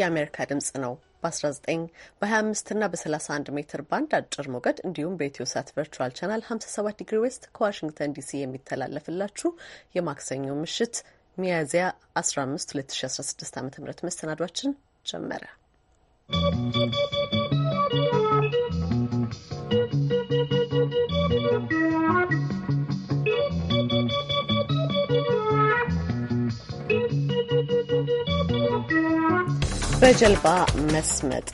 የአሜሪካ ድምጽ ነው። በ19 በ25 እና በ31 ሜትር ባንድ አጭር ሞገድ እንዲሁም በኢትዮ ሳት ቨርቹዋል ቻናል 57 ዲግሪ ዌስት ከዋሽንግተን ዲሲ የሚተላለፍላችሁ የማክሰኞ ምሽት ሚያዝያ 15 2016 ዓ ም መሰናዷችን ጀመረ። በጀልባ መስመጥ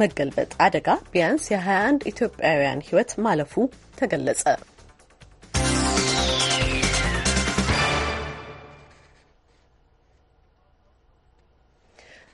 መገልበጥ አደጋ ቢያንስ የ21 ኢትዮጵያውያን ሕይወት ማለፉ ተገለጸ።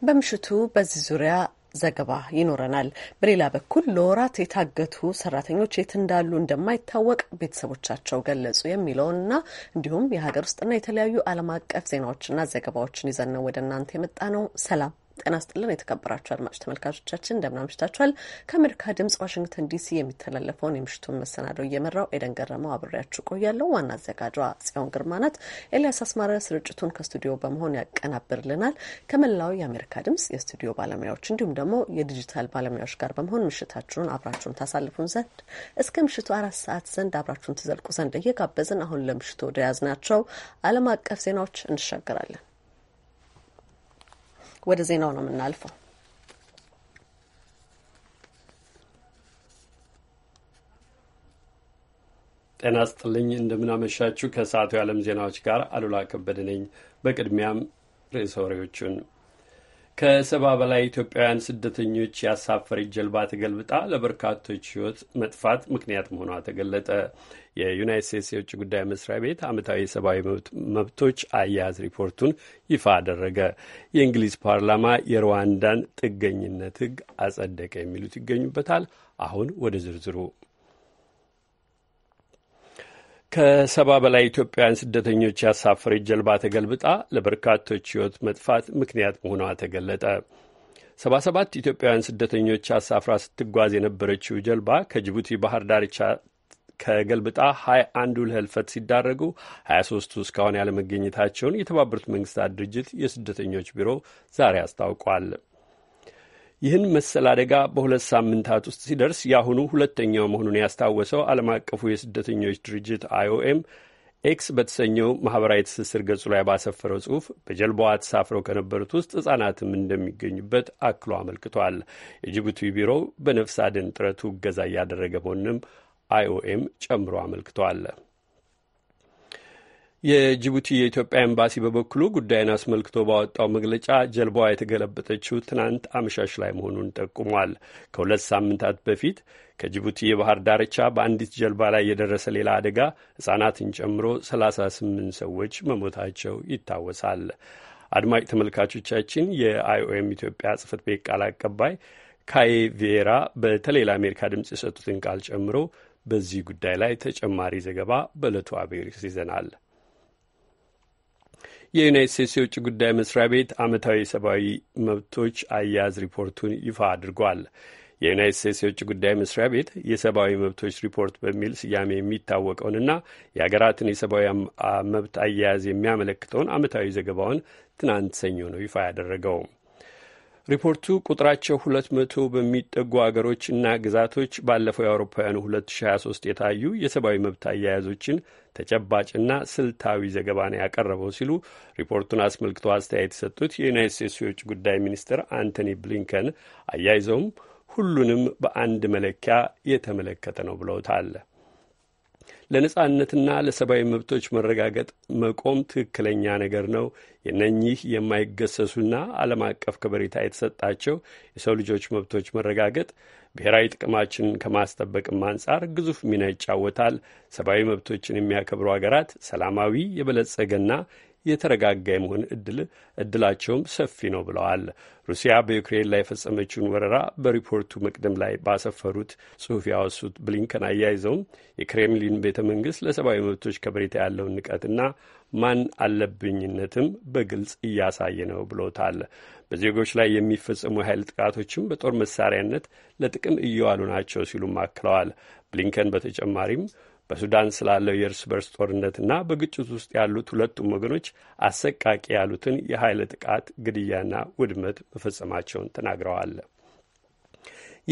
በምሽቱ በዚህ ዙሪያ ዘገባ ይኖረናል። በሌላ በኩል ለወራት የታገቱ ሰራተኞች የት እንዳሉ እንደማይታወቅ ቤተሰቦቻቸው ገለጹ የሚለውንና እንዲሁም የሀገር ውስጥና የተለያዩ ዓለም አቀፍ ዜናዎችና ዘገባዎችን ይዘን ነው ወደ እናንተ የመጣ ነው። ሰላም ጤና ስጥልን የተከበራችሁ አድማጭ ተመልካቾቻችን እንደምን አምሽታችኋል። ከአሜሪካ ድምጽ ዋሽንግተን ዲሲ የሚተላለፈውን የምሽቱን መሰናደው እየመራው ኤደን ገረመው አብሬያችሁ ቆያለሁ። ዋና አዘጋጇ ጽዮን ግርማ ናት። ኤልያስ አስማረ ስርጭቱን ከስቱዲዮ በመሆን ያቀናብርልናል። ከመላው የአሜሪካ ድምጽ የስቱዲዮ ባለሙያዎች እንዲሁም ደግሞ የዲጂታል ባለሙያዎች ጋር በመሆን ምሽታችሁን አብራችሁን ታሳልፉን ዘንድ እስከ ምሽቱ አራት ሰዓት ዘንድ አብራችሁን ትዘልቁ ዘንድ እየጋበዝን አሁን ለምሽቱ ወደ ያዝናቸው ዓለም አቀፍ ዜናዎች እንሻገራለን። ወደ ዜናው ነው የምናልፈው። ጤና ስጥልኝ፣ እንደምናመሻችሁ። ከሰዓቱ የዓለም ዜናዎች ጋር አሉላ ከበደ ነኝ። በቅድሚያም ርዕሰ ወሬዎቹን ከሰባ በላይ ኢትዮጵያውያን ስደተኞች ያሳፈረች ጀልባ ተገልብጣ ለበርካቶች ሕይወት መጥፋት ምክንያት መሆኗ ተገለጠ። የዩናይት ስቴትስ የውጭ ጉዳይ መስሪያ ቤት ዓመታዊ የሰብአዊ መብቶች አያያዝ ሪፖርቱን ይፋ አደረገ። የእንግሊዝ ፓርላማ የሩዋንዳን ጥገኝነት ሕግ አጸደቀ። የሚሉት ይገኙበታል። አሁን ወደ ዝርዝሩ ከሰባ በላይ ኢትዮጵያውያን ስደተኞች ያሳፈረች ጀልባ ተገልብጣ ለበርካቶች ሕይወት መጥፋት ምክንያት መሆኗ ተገለጠ። ሰባ ሰባት ኢትዮጵያውያን ስደተኞች አሳፍራ ስትጓዝ የነበረችው ጀልባ ከጅቡቲ ባህር ዳርቻ ከገልብጣ ሀያ አንዱ ለህልፈት ሲዳረጉ ሀያ ሶስቱ እስካሁን ያለመገኘታቸውን የተባበሩት መንግስታት ድርጅት የስደተኞች ቢሮ ዛሬ አስታውቋል። ይህን መሰል አደጋ በሁለት ሳምንታት ውስጥ ሲደርስ የአሁኑ ሁለተኛው መሆኑን ያስታወሰው ዓለም አቀፉ የስደተኞች ድርጅት አይኦኤም ኤክስ በተሰኘው ማኅበራዊ ትስስር ገጹ ላይ ባሰፈረው ጽሑፍ በጀልባዋ ተሳፍረው ከነበሩት ውስጥ ሕፃናትም እንደሚገኙበት አክሎ አመልክቷል። የጅቡቲ ቢሮው በነፍስ አድን ጥረቱ እገዛ እያደረገ መሆንም አይኦኤም ጨምሮ አመልክቷል። የጅቡቲ የኢትዮጵያ ኤምባሲ በበኩሉ ጉዳዩን አስመልክቶ ባወጣው መግለጫ ጀልባዋ የተገለበጠችው ትናንት አመሻሽ ላይ መሆኑን ጠቁሟል። ከሁለት ሳምንታት በፊት ከጅቡቲ የባህር ዳርቻ በአንዲት ጀልባ ላይ የደረሰ ሌላ አደጋ ሕጻናትን ጨምሮ 38 ሰዎች መሞታቸው ይታወሳል። አድማጭ ተመልካቾቻችን የአይኦኤም ኢትዮጵያ ጽህፈት ቤት ቃል አቀባይ ካይ ቪዬራ በተለይ ለአሜሪካ ድምፅ የሰጡትን ቃል ጨምሮ በዚህ ጉዳይ ላይ ተጨማሪ ዘገባ በዕለቱ አብሬስ ይዘናል። የዩናይት ስቴትስ የውጭ ጉዳይ መስሪያ ቤት ዓመታዊ የሰብአዊ መብቶች አያያዝ ሪፖርቱን ይፋ አድርጓል። የዩናይት ስቴትስ የውጭ ጉዳይ መስሪያ ቤት የሰብአዊ መብቶች ሪፖርት በሚል ስያሜ የሚታወቀውንና የሀገራትን የሰብአዊ መብት አያያዝ የሚያመለክተውን ዓመታዊ ዘገባውን ትናንት ሰኞ ነው ይፋ ያደረገው። ሪፖርቱ ቁጥራቸው ሁለት መቶ በሚጠጉ አገሮች እና ግዛቶች ባለፈው የአውሮፓውያኑ 2023 የታዩ የሰብአዊ መብት አያያዞችን ተጨባጭና ስልታዊ ዘገባ ነው ያቀረበው ሲሉ ሪፖርቱን አስመልክቶ አስተያየት የሰጡት የዩናይት ስቴትስ የውጭ ጉዳይ ሚኒስትር አንቶኒ ብሊንከን አያይዘውም ሁሉንም በአንድ መለኪያ የተመለከተ ነው ብለውታል። ለነጻነትና ለሰብአዊ መብቶች መረጋገጥ መቆም ትክክለኛ ነገር ነው። የነኚህ የማይገሰሱና ዓለም አቀፍ ከበሬታ የተሰጣቸው የሰው ልጆች መብቶች መረጋገጥ ብሔራዊ ጥቅማችን ከማስጠበቅም አንጻር ግዙፍ ሚና ይጫወታል። ሰብአዊ መብቶችን የሚያከብሩ ሀገራት ሰላማዊ የበለጸገና የተረጋጋ የመሆን እድል እድላቸውም ሰፊ ነው ብለዋል። ሩሲያ በዩክሬን ላይ የፈጸመችውን ወረራ በሪፖርቱ መቅደም ላይ ባሰፈሩት ጽሑፍ ያወሱት ብሊንከን አያይዘውም የክሬምሊን ቤተ መንግስት ለሰብአዊ መብቶች ከበሬታ ያለውን ንቀትና ማን አለብኝነትም በግልጽ እያሳየ ነው ብሎታል። በዜጎች ላይ የሚፈጸሙ የኃይል ጥቃቶችም በጦር መሳሪያነት ለጥቅም እየዋሉ ናቸው ሲሉም አክለዋል። ብሊንከን በተጨማሪም በሱዳን ስላለው የእርስ በርስ ጦርነትና በግጭት ውስጥ ያሉት ሁለቱም ወገኖች አሰቃቂ ያሉትን የኃይል ጥቃት፣ ግድያና ውድመት መፈጸማቸውን ተናግረዋል።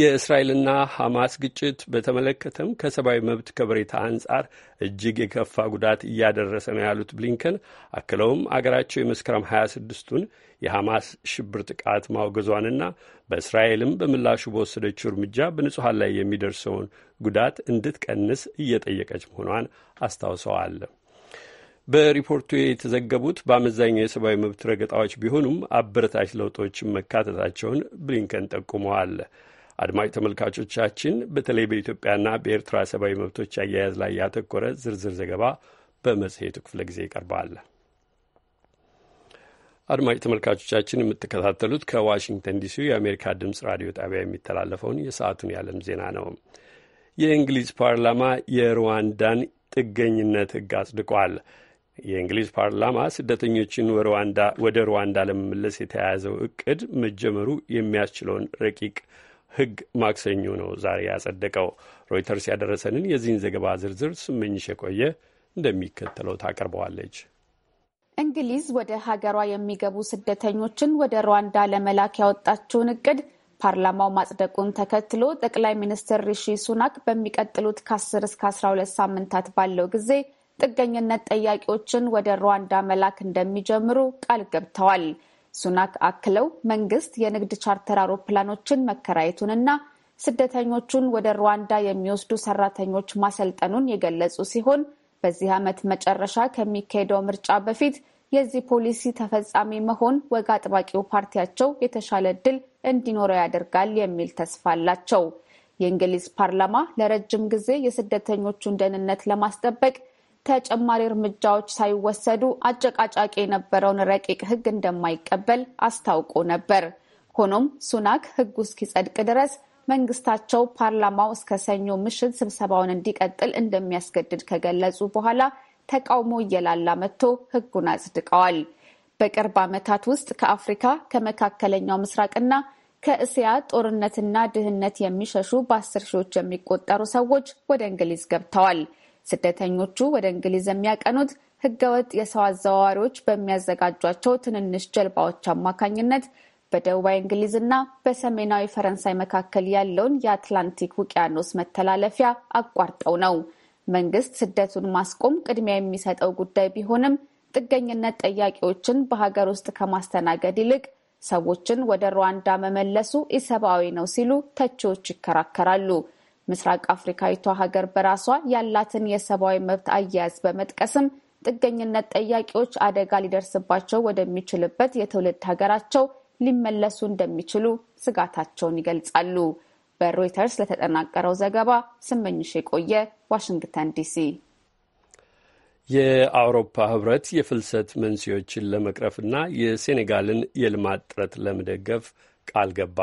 የእስራኤልና ሐማስ ግጭት በተመለከተም ከሰብአዊ መብት ከበሬታ አንጻር እጅግ የከፋ ጉዳት እያደረሰ ነው ያሉት ብሊንከን አክለውም አገራቸው የመስከረም 26 ስድስቱን የሐማስ ሽብር ጥቃት ማውገዟንና በእስራኤልም በምላሹ በወሰደችው እርምጃ በንጹሐን ላይ የሚደርሰውን ጉዳት እንድትቀንስ እየጠየቀች መሆኗን አስታውሰዋል። በሪፖርቱ የተዘገቡት በአመዛኛው የሰብአዊ መብት ረገጣዎች ቢሆኑም አበረታች ለውጦችን መካተታቸውን ብሊንከን ጠቁመዋል። አድማጭ ተመልካቾቻችን በተለይ በኢትዮጵያና በኤርትራ ሰብአዊ መብቶች አያያዝ ላይ ያተኮረ ዝርዝር ዘገባ በመጽሔቱ ክፍለ ጊዜ ይቀርባል። አድማጭ ተመልካቾቻችን የምትከታተሉት ከዋሽንግተን ዲሲ የአሜሪካ ድምፅ ራዲዮ ጣቢያ የሚተላለፈውን የሰዓቱን የዓለም ዜና ነው። የእንግሊዝ ፓርላማ የሩዋንዳን ጥገኝነት ሕግ አጽድቋል። የእንግሊዝ ፓርላማ ስደተኞችን ወደ ሩዋንዳ ለመመለስ የተያያዘው እቅድ መጀመሩ የሚያስችለውን ረቂቅ ህግ ማክሰኞ ነው ዛሬ ያጸደቀው። ሮይተርስ ያደረሰንን የዚህን ዘገባ ዝርዝር ስመኝሽ የቆየ እንደሚከተለው ታቀርበዋለች። እንግሊዝ ወደ ሀገሯ የሚገቡ ስደተኞችን ወደ ሩዋንዳ ለመላክ ያወጣችውን እቅድ ፓርላማው ማጽደቁን ተከትሎ ጠቅላይ ሚኒስትር ሪሺ ሱናክ በሚቀጥሉት ከ10 እስከ 12 ሳምንታት ባለው ጊዜ ጥገኝነት ጠያቂዎችን ወደ ሩዋንዳ መላክ እንደሚጀምሩ ቃል ገብተዋል። ሱናክ አክለው መንግስት የንግድ ቻርተር አውሮፕላኖችን መከራየቱንና ስደተኞቹን ወደ ሩዋንዳ የሚወስዱ ሰራተኞች ማሰልጠኑን የገለጹ ሲሆን በዚህ ዓመት መጨረሻ ከሚካሄደው ምርጫ በፊት የዚህ ፖሊሲ ተፈጻሚ መሆን ወግ አጥባቂው ፓርቲያቸው የተሻለ ድል እንዲኖረው ያደርጋል የሚል ተስፋ አላቸው። የእንግሊዝ ፓርላማ ለረጅም ጊዜ የስደተኞቹን ደህንነት ለማስጠበቅ ተጨማሪ እርምጃዎች ሳይወሰዱ አጨቃጫቂ የነበረውን ረቂቅ ሕግ እንደማይቀበል አስታውቆ ነበር። ሆኖም ሱናክ ሕጉ እስኪጸድቅ ድረስ መንግስታቸው ፓርላማው እስከ ሰኞ ምሽት ስብሰባውን እንዲቀጥል እንደሚያስገድድ ከገለጹ በኋላ ተቃውሞ እየላላ መጥቶ ሕጉን አጽድቀዋል። በቅርብ ዓመታት ውስጥ ከአፍሪካ ከመካከለኛው ምስራቅና ከእስያ ጦርነትና ድህነት የሚሸሹ በአስር ሺዎች የሚቆጠሩ ሰዎች ወደ እንግሊዝ ገብተዋል። ስደተኞቹ ወደ እንግሊዝ የሚያቀኑት ህገወጥ የሰው አዘዋዋሪዎች በሚያዘጋጇቸው ትንንሽ ጀልባዎች አማካኝነት በደቡባዊ እንግሊዝና በሰሜናዊ ፈረንሳይ መካከል ያለውን የአትላንቲክ ውቅያኖስ መተላለፊያ አቋርጠው ነው። መንግስት ስደቱን ማስቆም ቅድሚያ የሚሰጠው ጉዳይ ቢሆንም ጥገኝነት ጠያቂዎችን በሀገር ውስጥ ከማስተናገድ ይልቅ ሰዎችን ወደ ሩዋንዳ መመለሱ ኢሰብአዊ ነው ሲሉ ተቺዎች ይከራከራሉ። ምስራቅ አፍሪካዊቷ ሀገር በራሷ ያላትን የሰብአዊ መብት አያያዝ በመጥቀስም ጥገኝነት ጠያቂዎች አደጋ ሊደርስባቸው ወደሚችልበት የትውልድ ሀገራቸው ሊመለሱ እንደሚችሉ ስጋታቸውን ይገልጻሉ። በሮይተርስ ለተጠናቀረው ዘገባ ስመኝሽ የቆየ ዋሽንግተን ዲሲ። የአውሮፓ ህብረት የፍልሰት መንስኤዎችን ለመቅረፍና የሴኔጋልን የልማት ጥረት ለመደገፍ ቃል ገባ።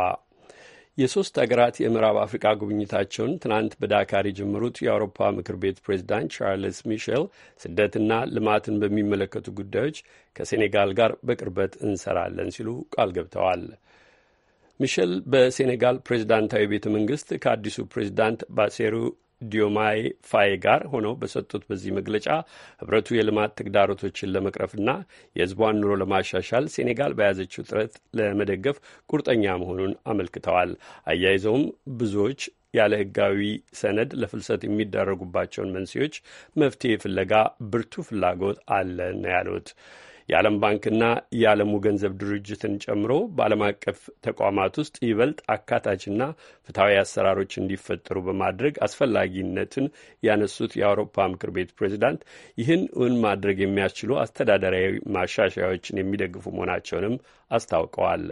የሶስት አገራት የምዕራብ አፍሪቃ ጉብኝታቸውን ትናንት በዳካር የጀመሩት የአውሮፓ ምክር ቤት ፕሬዚዳንት ቻርልስ ሚሼል ስደትና ልማትን በሚመለከቱ ጉዳዮች ከሴኔጋል ጋር በቅርበት እንሰራለን ሲሉ ቃል ገብተዋል። ሚሼል በሴኔጋል ፕሬዚዳንታዊ ቤተ መንግስት ከአዲሱ ፕሬዚዳንት ባሴሩ ዲዮማይ ፋይ ጋር ሆነው በሰጡት በዚህ መግለጫ ህብረቱ የልማት ተግዳሮቶችን ለመቅረፍና የህዝቧን ኑሮ ለማሻሻል ሴኔጋል በያዘችው ጥረት ለመደገፍ ቁርጠኛ መሆኑን አመልክተዋል። አያይዘውም ብዙዎች ያለ ህጋዊ ሰነድ ለፍልሰት የሚዳረጉባቸውን መንስኤዎች መፍትሄ ፍለጋ ብርቱ ፍላጎት አለ ነው ያሉት። የዓለም ባንክና የዓለሙ ገንዘብ ድርጅትን ጨምሮ በዓለም አቀፍ ተቋማት ውስጥ ይበልጥ አካታችና ፍትሐዊ አሰራሮች እንዲፈጠሩ በማድረግ አስፈላጊነትን ያነሱት የአውሮፓ ምክር ቤት ፕሬዚዳንት ይህን እውን ማድረግ የሚያስችሉ አስተዳደራዊ ማሻሻያዎችን የሚደግፉ መሆናቸውንም አስታውቀዋል።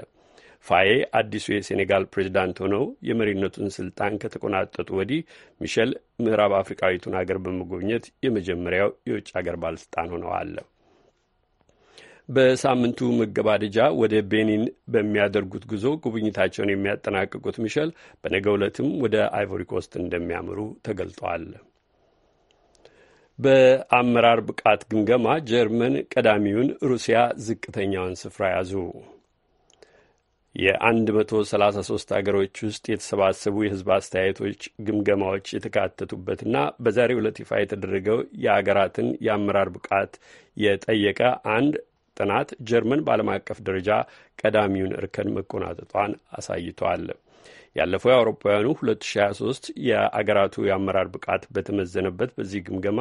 ፋዬ አዲሱ የሴኔጋል ፕሬዚዳንት ሆነው የመሪነቱን ስልጣን ከተቆናጠጡ ወዲህ ሚሸል ምዕራብ አፍሪካዊቱን ሀገር በመጎብኘት የመጀመሪያው የውጭ ሀገር ባለስልጣን ሆነዋል። በሳምንቱ መገባደጃ ወደ ቤኒን በሚያደርጉት ጉዞ ጉብኝታቸውን የሚያጠናቅቁት ሚሸል በነገ ዕለትም ወደ አይቮሪ ኮስት እንደሚያምሩ ተገልጧል። በአመራር ብቃት ግምገማ ጀርመን ቀዳሚውን፣ ሩሲያ ዝቅተኛውን ስፍራ ያዙ። የ133 አገሮች ውስጥ የተሰባሰቡ የሕዝብ አስተያየቶች ግምገማዎች የተካተቱበትና በዛሬው ዕለት ይፋ የተደረገው የአገራትን የአመራር ብቃት የጠየቀ አንድ ጥናት ጀርመን በዓለም አቀፍ ደረጃ ቀዳሚውን እርከን መቆናጠጧን አሳይቷል። ያለፈው የአውሮፓውያኑ 2023 የአገራቱ የአመራር ብቃት በተመዘነበት በዚህ ግምገማ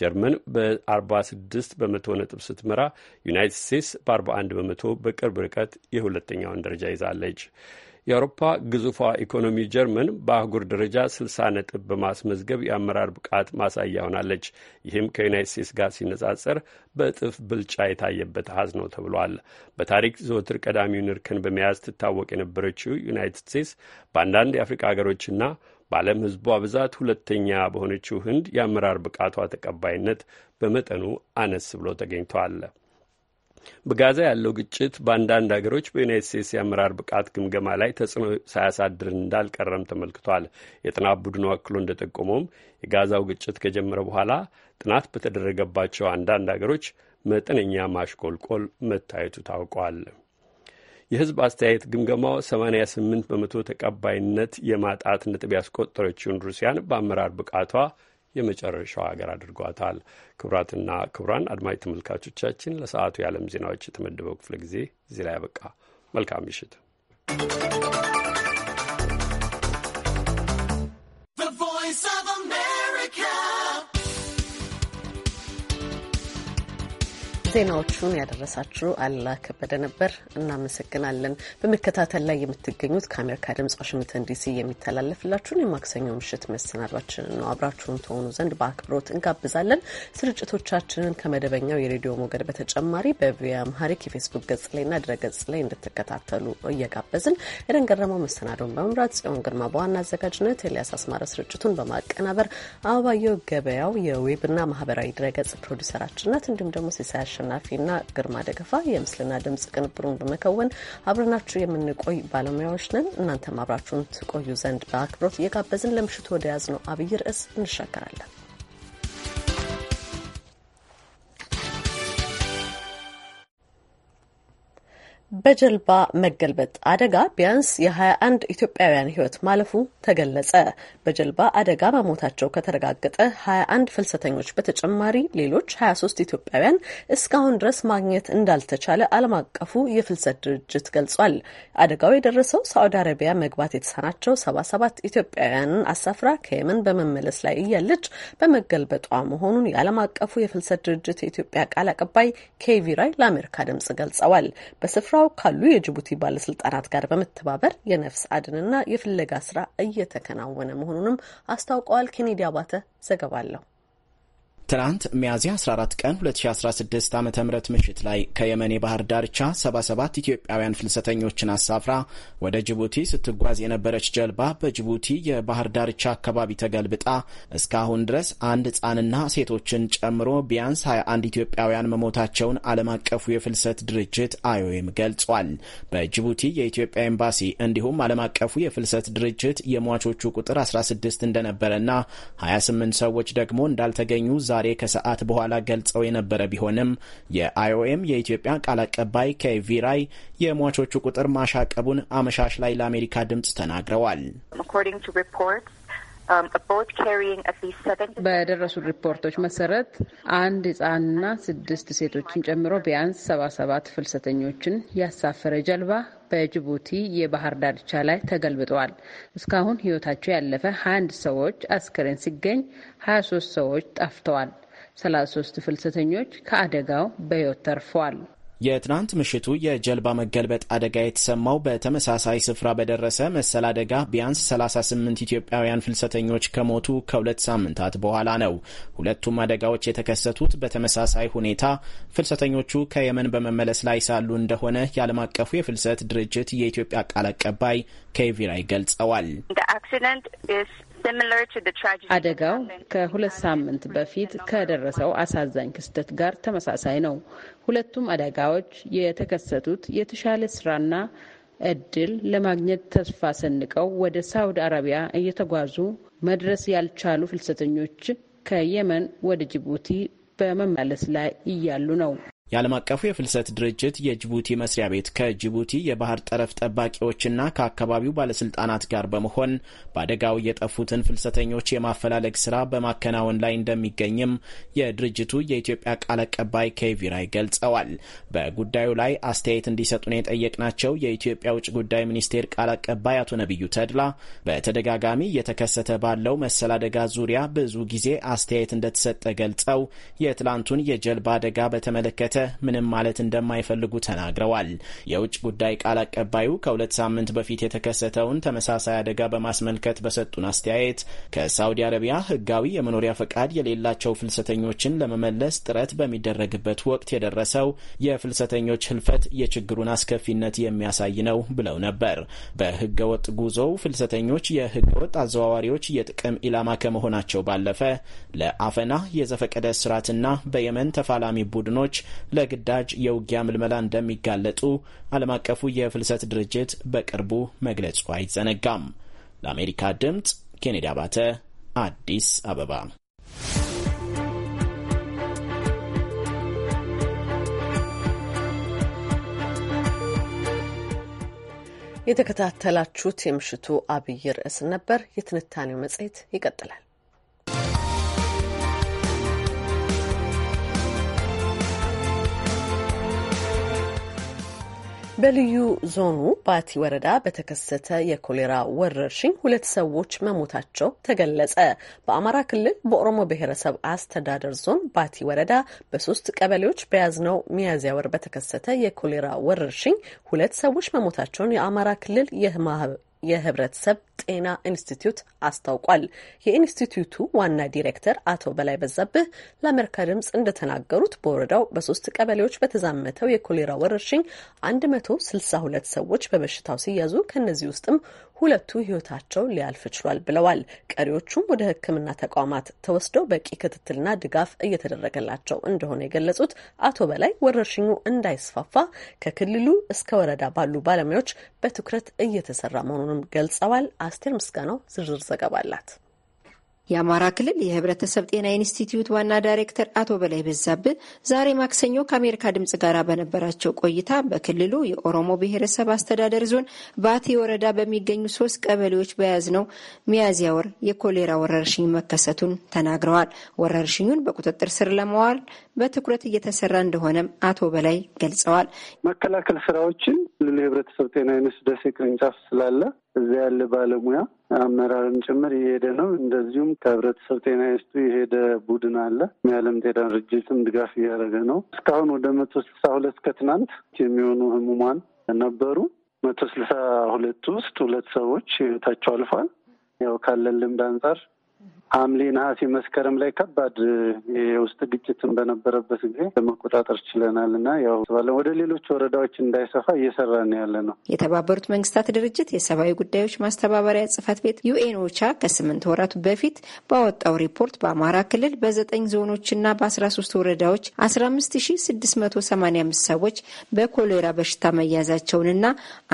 ጀርመን በ46 በመቶ ነጥብ ስትመራ ዩናይትድ ስቴትስ በ41 በመቶ በቅርብ ርቀት የሁለተኛውን ደረጃ ይዛለች። የአውሮፓ ግዙፏ ኢኮኖሚ ጀርመን በአህጉር ደረጃ 60 ነጥብ በማስመዝገብ የአመራር ብቃት ማሳያ ሆናለች። ይህም ከዩናይት ስቴትስ ጋር ሲነጻጸር በእጥፍ ብልጫ የታየበት አሃዝ ነው ተብሏል። በታሪክ ዘወትር ቀዳሚውን እርከን በመያዝ ትታወቅ የነበረችው ዩናይትድ ስቴትስ በአንዳንድ የአፍሪካ ሀገሮችና በዓለም ሕዝቧ ብዛት ሁለተኛ በሆነችው ህንድ የአመራር ብቃቷ ተቀባይነት በመጠኑ አነስ ብሎ ተገኝቷል። በጋዛ ያለው ግጭት በአንዳንድ ሀገሮች በዩናይት ስቴትስ የአመራር ብቃት ግምገማ ላይ ተጽዕኖ ሳያሳድር እንዳልቀረም ተመልክቷል። የጥናት ቡድኑ አክሎ እንደጠቆመውም የጋዛው ግጭት ከጀመረ በኋላ ጥናት በተደረገባቸው አንዳንድ ሀገሮች መጠነኛ ማሽቆልቆል መታየቱ ታውቋል። የህዝብ አስተያየት ግምገማው 88 በመቶ ተቀባይነት የማጣት ነጥብ ያስቆጠረችውን ሩሲያን በአመራር ብቃቷ የመጨረሻው ሀገር አድርጓታል። ክቡራትና ክቡራን አድማጭ ተመልካቾቻችን ለሰዓቱ የዓለም ዜናዎች የተመደበው ክፍለ ጊዜ እዚህ ላይ ያበቃ። መልካም ምሽት። ዜናዎቹን ያደረሳችሁ አላ ከበደ ነበር። እናመሰግናለን። በመከታተል ላይ የምትገኙት ከአሜሪካ ድምጽ ዋሽንግተን ዲሲ የሚተላለፍላችሁን የማክሰኞ ምሽት መሰናዷችንን ነው። አብራችሁን ተሆኑ ዘንድ በአክብሮት እንጋብዛለን። ስርጭቶቻችንን ከመደበኛው የሬዲዮ ሞገድ በተጨማሪ በቪኦኤ አምሃሪክ የፌስቡክ ገጽ ላይና ድረ ገጽ ላይ እንድትከታተሉ እየጋበዝን ኤደን ገረመው መሰናዶውን በመምራት ጽዮን ግርማ በዋና አዘጋጅነት፣ ኤልያስ አስማረ ስርጭቱን በማቀናበር አበባየው ገበያው የዌብና ማህበራዊ ድረገጽ ፕሮዲሰራችን ናት። እንዲሁም ደግሞ ሲሳያሸ አሸናፊና ግርማ ደገፋ የምስልና ድምጽ ቅንብሩን በመከወን አብረናችሁ የምንቆይ ባለሙያዎች ነን። እናንተም አብራችሁን ትቆዩ ዘንድ በአክብሮት እየጋበዝን ለምሽቱ ወደ ያዝነው አብይ ርዕስ እንሻገራለን። በጀልባ መገልበጥ አደጋ ቢያንስ የ21 ኢትዮጵያውያን ሕይወት ማለፉ ተገለጸ። በጀልባ አደጋ መሞታቸው ከተረጋገጠ 21 ፍልሰተኞች በተጨማሪ ሌሎች 23 ኢትዮጵያውያን እስካሁን ድረስ ማግኘት እንዳልተቻለ ዓለም አቀፉ የፍልሰት ድርጅት ገልጿል። አደጋው የደረሰው ሳዑዲ አረቢያ መግባት የተሳናቸው 77 ኢትዮጵያውያንን አሳፍራ ከየመን በመመለስ ላይ እያለች በመገልበጧ መሆኑን የዓለም አቀፉ የፍልሰት ድርጅት የኢትዮጵያ ቃል አቀባይ ኬቪራይ ለአሜሪካ ድምጽ ገልጸዋል። በስፍራ በስፍራው ካሉ የጅቡቲ ባለስልጣናት ጋር በመተባበር የነፍስ አድንና የፍለጋ ስራ እየተከናወነ መሆኑንም አስታውቀዋል። ኬኔዲ አባተ ዘገባ አለው። ትናንት ሚያዝያ 14 ቀን 2016 ዓ ም ምሽት ላይ ከየመን የባህር ዳርቻ 77 ኢትዮጵያውያን ፍልሰተኞችን አሳፍራ ወደ ጅቡቲ ስትጓዝ የነበረች ጀልባ በጅቡቲ የባህር ዳርቻ አካባቢ ተገልብጣ እስካሁን ድረስ አንድ ህፃንና ሴቶችን ጨምሮ ቢያንስ 21 ኢትዮጵያውያን መሞታቸውን ዓለም አቀፉ የፍልሰት ድርጅት አዮኤም ገልጿል። በጅቡቲ የኢትዮጵያ ኤምባሲ እንዲሁም ዓለም አቀፉ የፍልሰት ድርጅት የሟቾቹ ቁጥር 16 እንደነበረና 28 ሰዎች ደግሞ እንዳልተገኙ ዛሬ ከሰዓት በኋላ ገልጸው የነበረ ቢሆንም የአይኦኤም የኢትዮጵያ ቃል አቀባይ ኬቪ ራይ የሟቾቹ ቁጥር ማሻቀቡን አመሻሽ ላይ ለአሜሪካ ድምፅ ተናግረዋል። um, በደረሱ ሪፖርቶች መሰረት አንድ ህፃንና ስድስት ሴቶችን ጨምሮ ቢያንስ ሰባ ሰባት ፍልሰተኞችን ያሳፈረ ጀልባ በጅቡቲ የባህር ዳርቻ ላይ ተገልብጠዋል። እስካሁን ህይወታቸው ያለፈ 21 ሰዎች አስክሬን ሲገኝ 23 ሰዎች ጠፍተዋል። 33 ፍልሰተኞች ከአደጋው በሕይወት ተርፈዋል። የትናንት ምሽቱ የጀልባ መገልበጥ አደጋ የተሰማው በተመሳሳይ ስፍራ በደረሰ መሰል አደጋ ቢያንስ 38 ኢትዮጵያውያን ፍልሰተኞች ከሞቱ ከሁለት ሳምንታት በኋላ ነው። ሁለቱም አደጋዎች የተከሰቱት በተመሳሳይ ሁኔታ ፍልሰተኞቹ ከየመን በመመለስ ላይ ሳሉ እንደሆነ የዓለም አቀፉ የፍልሰት ድርጅት የኢትዮጵያ ቃል አቀባይ ላይ ገልጸዋል። አደጋው ከሁለት ሳምንት በፊት ከደረሰው አሳዛኝ ክስተት ጋር ተመሳሳይ ነው። ሁለቱም አደጋዎች የተከሰቱት የተሻለ ስራና እድል ለማግኘት ተስፋ ሰንቀው ወደ ሳውዲ አረቢያ እየተጓዙ መድረስ ያልቻሉ ፍልሰተኞች ከየመን ወደ ጅቡቲ በመመለስ ላይ እያሉ ነው። የዓለም አቀፉ የፍልሰት ድርጅት የጅቡቲ መስሪያ ቤት ከጅቡቲ የባህር ጠረፍ ጠባቂዎችና ከአካባቢው ባለስልጣናት ጋር በመሆን በአደጋው የጠፉትን ፍልሰተኞች የማፈላለግ ስራ በማከናወን ላይ እንደሚገኝም የድርጅቱ የኢትዮጵያ ቃል አቀባይ ኬቪራይ ገልጸዋል። በጉዳዩ ላይ አስተያየት እንዲሰጡን የጠየቅናቸው የኢትዮጵያ ውጭ ጉዳይ ሚኒስቴር ቃል አቀባይ አቶ ነቢዩ ተድላ በተደጋጋሚ እየተከሰተ ባለው መሰል አደጋ ዙሪያ ብዙ ጊዜ አስተያየት እንደተሰጠ ገልጸው የትላንቱን የጀልባ አደጋ በተመለከተ ምንም ማለት እንደማይፈልጉ ተናግረዋል። የውጭ ጉዳይ ቃል አቀባዩ ከሁለት ሳምንት በፊት የተከሰተውን ተመሳሳይ አደጋ በማስመልከት በሰጡን አስተያየት ከሳውዲ አረቢያ ህጋዊ የመኖሪያ ፈቃድ የሌላቸው ፍልሰተኞችን ለመመለስ ጥረት በሚደረግበት ወቅት የደረሰው የፍልሰተኞች ህልፈት የችግሩን አስከፊነት የሚያሳይ ነው ብለው ነበር። በህገወጥ ጉዞው ፍልሰተኞች የህገወጥ አዘዋዋሪዎች የጥቅም ኢላማ ከመሆናቸው ባለፈ ለአፈና የዘፈቀደ ስርዓትና በየመን ተፋላሚ ቡድኖች ለግዳጅ የውጊያ ምልመላ እንደሚጋለጡ ዓለም አቀፉ የፍልሰት ድርጅት በቅርቡ መግለጹ አይዘነጋም። ለአሜሪካ ድምፅ ኬኔዲ አባተ አዲስ አበባ። የተከታተላችሁት የምሽቱ አብይ ርዕስ ነበር። የትንታኔው መጽሔት ይቀጥላል። በልዩ ዞኑ ባቲ ወረዳ በተከሰተ የኮሌራ ወረርሽኝ ሁለት ሰዎች መሞታቸው ተገለጸ። በአማራ ክልል በኦሮሞ ብሔረሰብ አስተዳደር ዞን ባቲ ወረዳ በሶስት ቀበሌዎች በያዝነው ሚያዝያ ወር በተከሰተ የኮሌራ ወረርሽኝ ሁለት ሰዎች መሞታቸውን የአማራ ክልል የህብረተሰብ ጤና ኢንስቲትዩት አስታውቋል። የኢንስቲትዩቱ ዋና ዲሬክተር አቶ በላይ በዛብህ ለአሜሪካ ድምፅ እንደተናገሩት በወረዳው በሶስት ቀበሌዎች በተዛመተው የኮሌራ ወረርሽኝ 162 ሰዎች በበሽታው ሲያዙ ከእነዚህ ውስጥም ሁለቱ ህይወታቸው ሊያልፍ ችሏል ብለዋል። ቀሪዎቹም ወደ ሕክምና ተቋማት ተወስደው በቂ ክትትልና ድጋፍ እየተደረገላቸው እንደሆነ የገለጹት አቶ በላይ ወረርሽኙ እንዳይስፋፋ ከክልሉ እስከ ወረዳ ባሉ ባለሙያዎች በትኩረት እየተሰራ መሆኑንም ገልጸዋል። አስቴር ምስጋናው ዝርዝር ዘገባ አላት። የአማራ ክልል የህብረተሰብ ጤና ኢንስቲትዩት ዋና ዳይሬክተር አቶ በላይ በዛብ። ዛሬ ማክሰኞ ከአሜሪካ ድምጽ ጋር በነበራቸው ቆይታ በክልሉ የኦሮሞ ብሔረሰብ አስተዳደር ዞን ባቲ ወረዳ በሚገኙ ሶስት ቀበሌዎች በያዝነው ሚያዝያ ወር የኮሌራ ወረርሽኝ መከሰቱን ተናግረዋል። ወረርሽኙን በቁጥጥር ስር ለመዋል በትኩረት እየተሰራ እንደሆነም አቶ በላይ ገልጸዋል። መከላከል ስራዎችን ክልል የህብረተሰብ ጤና ኢንስቲትዩት ደሴ ቅርንጫፍ ስላለ እዚያ ያለ ባለሙያ አመራርን ጭምር እየሄደ ነው። እንደዚሁም ከህብረተሰብ ጤና ይስቱ የሄደ ቡድን አለ። የዓለም ጤና ድርጅትም ድጋፍ እያደረገ ነው። እስካሁን ወደ መቶ ስልሳ ሁለት ከትናንት የሚሆኑ ህሙማን ነበሩ። መቶ ስልሳ ሁለት ውስጥ ሁለት ሰዎች ህይወታቸው አልፏል። ያው ካለን ልምድ አንጻር ሐምሌ፣ ነሐሴ፣ መስከረም ላይ ከባድ የውስጥ ግጭትን በነበረበት ጊዜ ለመቆጣጠር ችለናል እና ያው ባለ ወደ ሌሎች ወረዳዎች እንዳይሰፋ እየሰራን ያለ ነው። የተባበሩት መንግስታት ድርጅት የሰብአዊ ጉዳዮች ማስተባበሪያ ጽህፈት ቤት ዩኤን ኦቻ ከስምንት ወራቱ በፊት ባወጣው ሪፖርት በአማራ ክልል በዘጠኝ ዞኖችና በአስራ ሶስት ወረዳዎች አስራ አምስት ሺ ስድስት መቶ ሰማኒያ አምስት ሰዎች በኮሌራ በሽታ መያዛቸውንና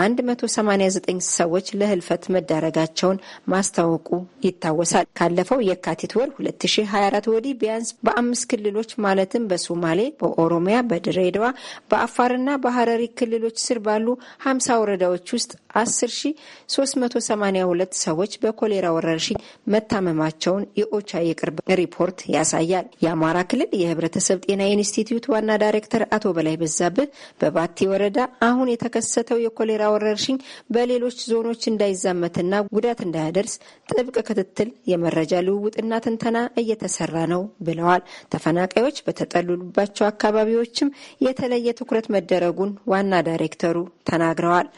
አንድ መቶ ሰማኒያ ዘጠኝ ሰዎች ለህልፈት መዳረጋቸውን ማስታወቁ ይታወሳል ካለፈው የካቲት ወር 2024 ወዲህ ቢያንስ በአምስት ክልሎች ማለትም በሶማሌ፣ በኦሮሚያ፣ በድሬዳዋ፣ በአፋርና በሀረሪ ክልሎች ስር ባሉ 50 ወረዳዎች ውስጥ 10382 ሰዎች በኮሌራ ወረርሽኝ መታመማቸውን የኦቻ የቅርብ ሪፖርት ያሳያል። የአማራ ክልል የህብረተሰብ ጤና ኢንስቲትዩት ዋና ዳይሬክተር አቶ በላይ በዛብህ በባቲ ወረዳ አሁን የተከሰተው የኮሌራ ወረርሽኝ በሌሎች ዞኖች እንዳይዛመትና ጉዳት እንዳያደርስ ጥብቅ ክትትል የመረጃ ልውውጥና ትንተና እየተሰራ ነው ብለዋል። ተፈናቃዮች በተጠለሉባቸው አካባቢዎችም የተለየ ትኩረት መደረጉን ዋና ዳይሬክተሩ ተናግረዋል።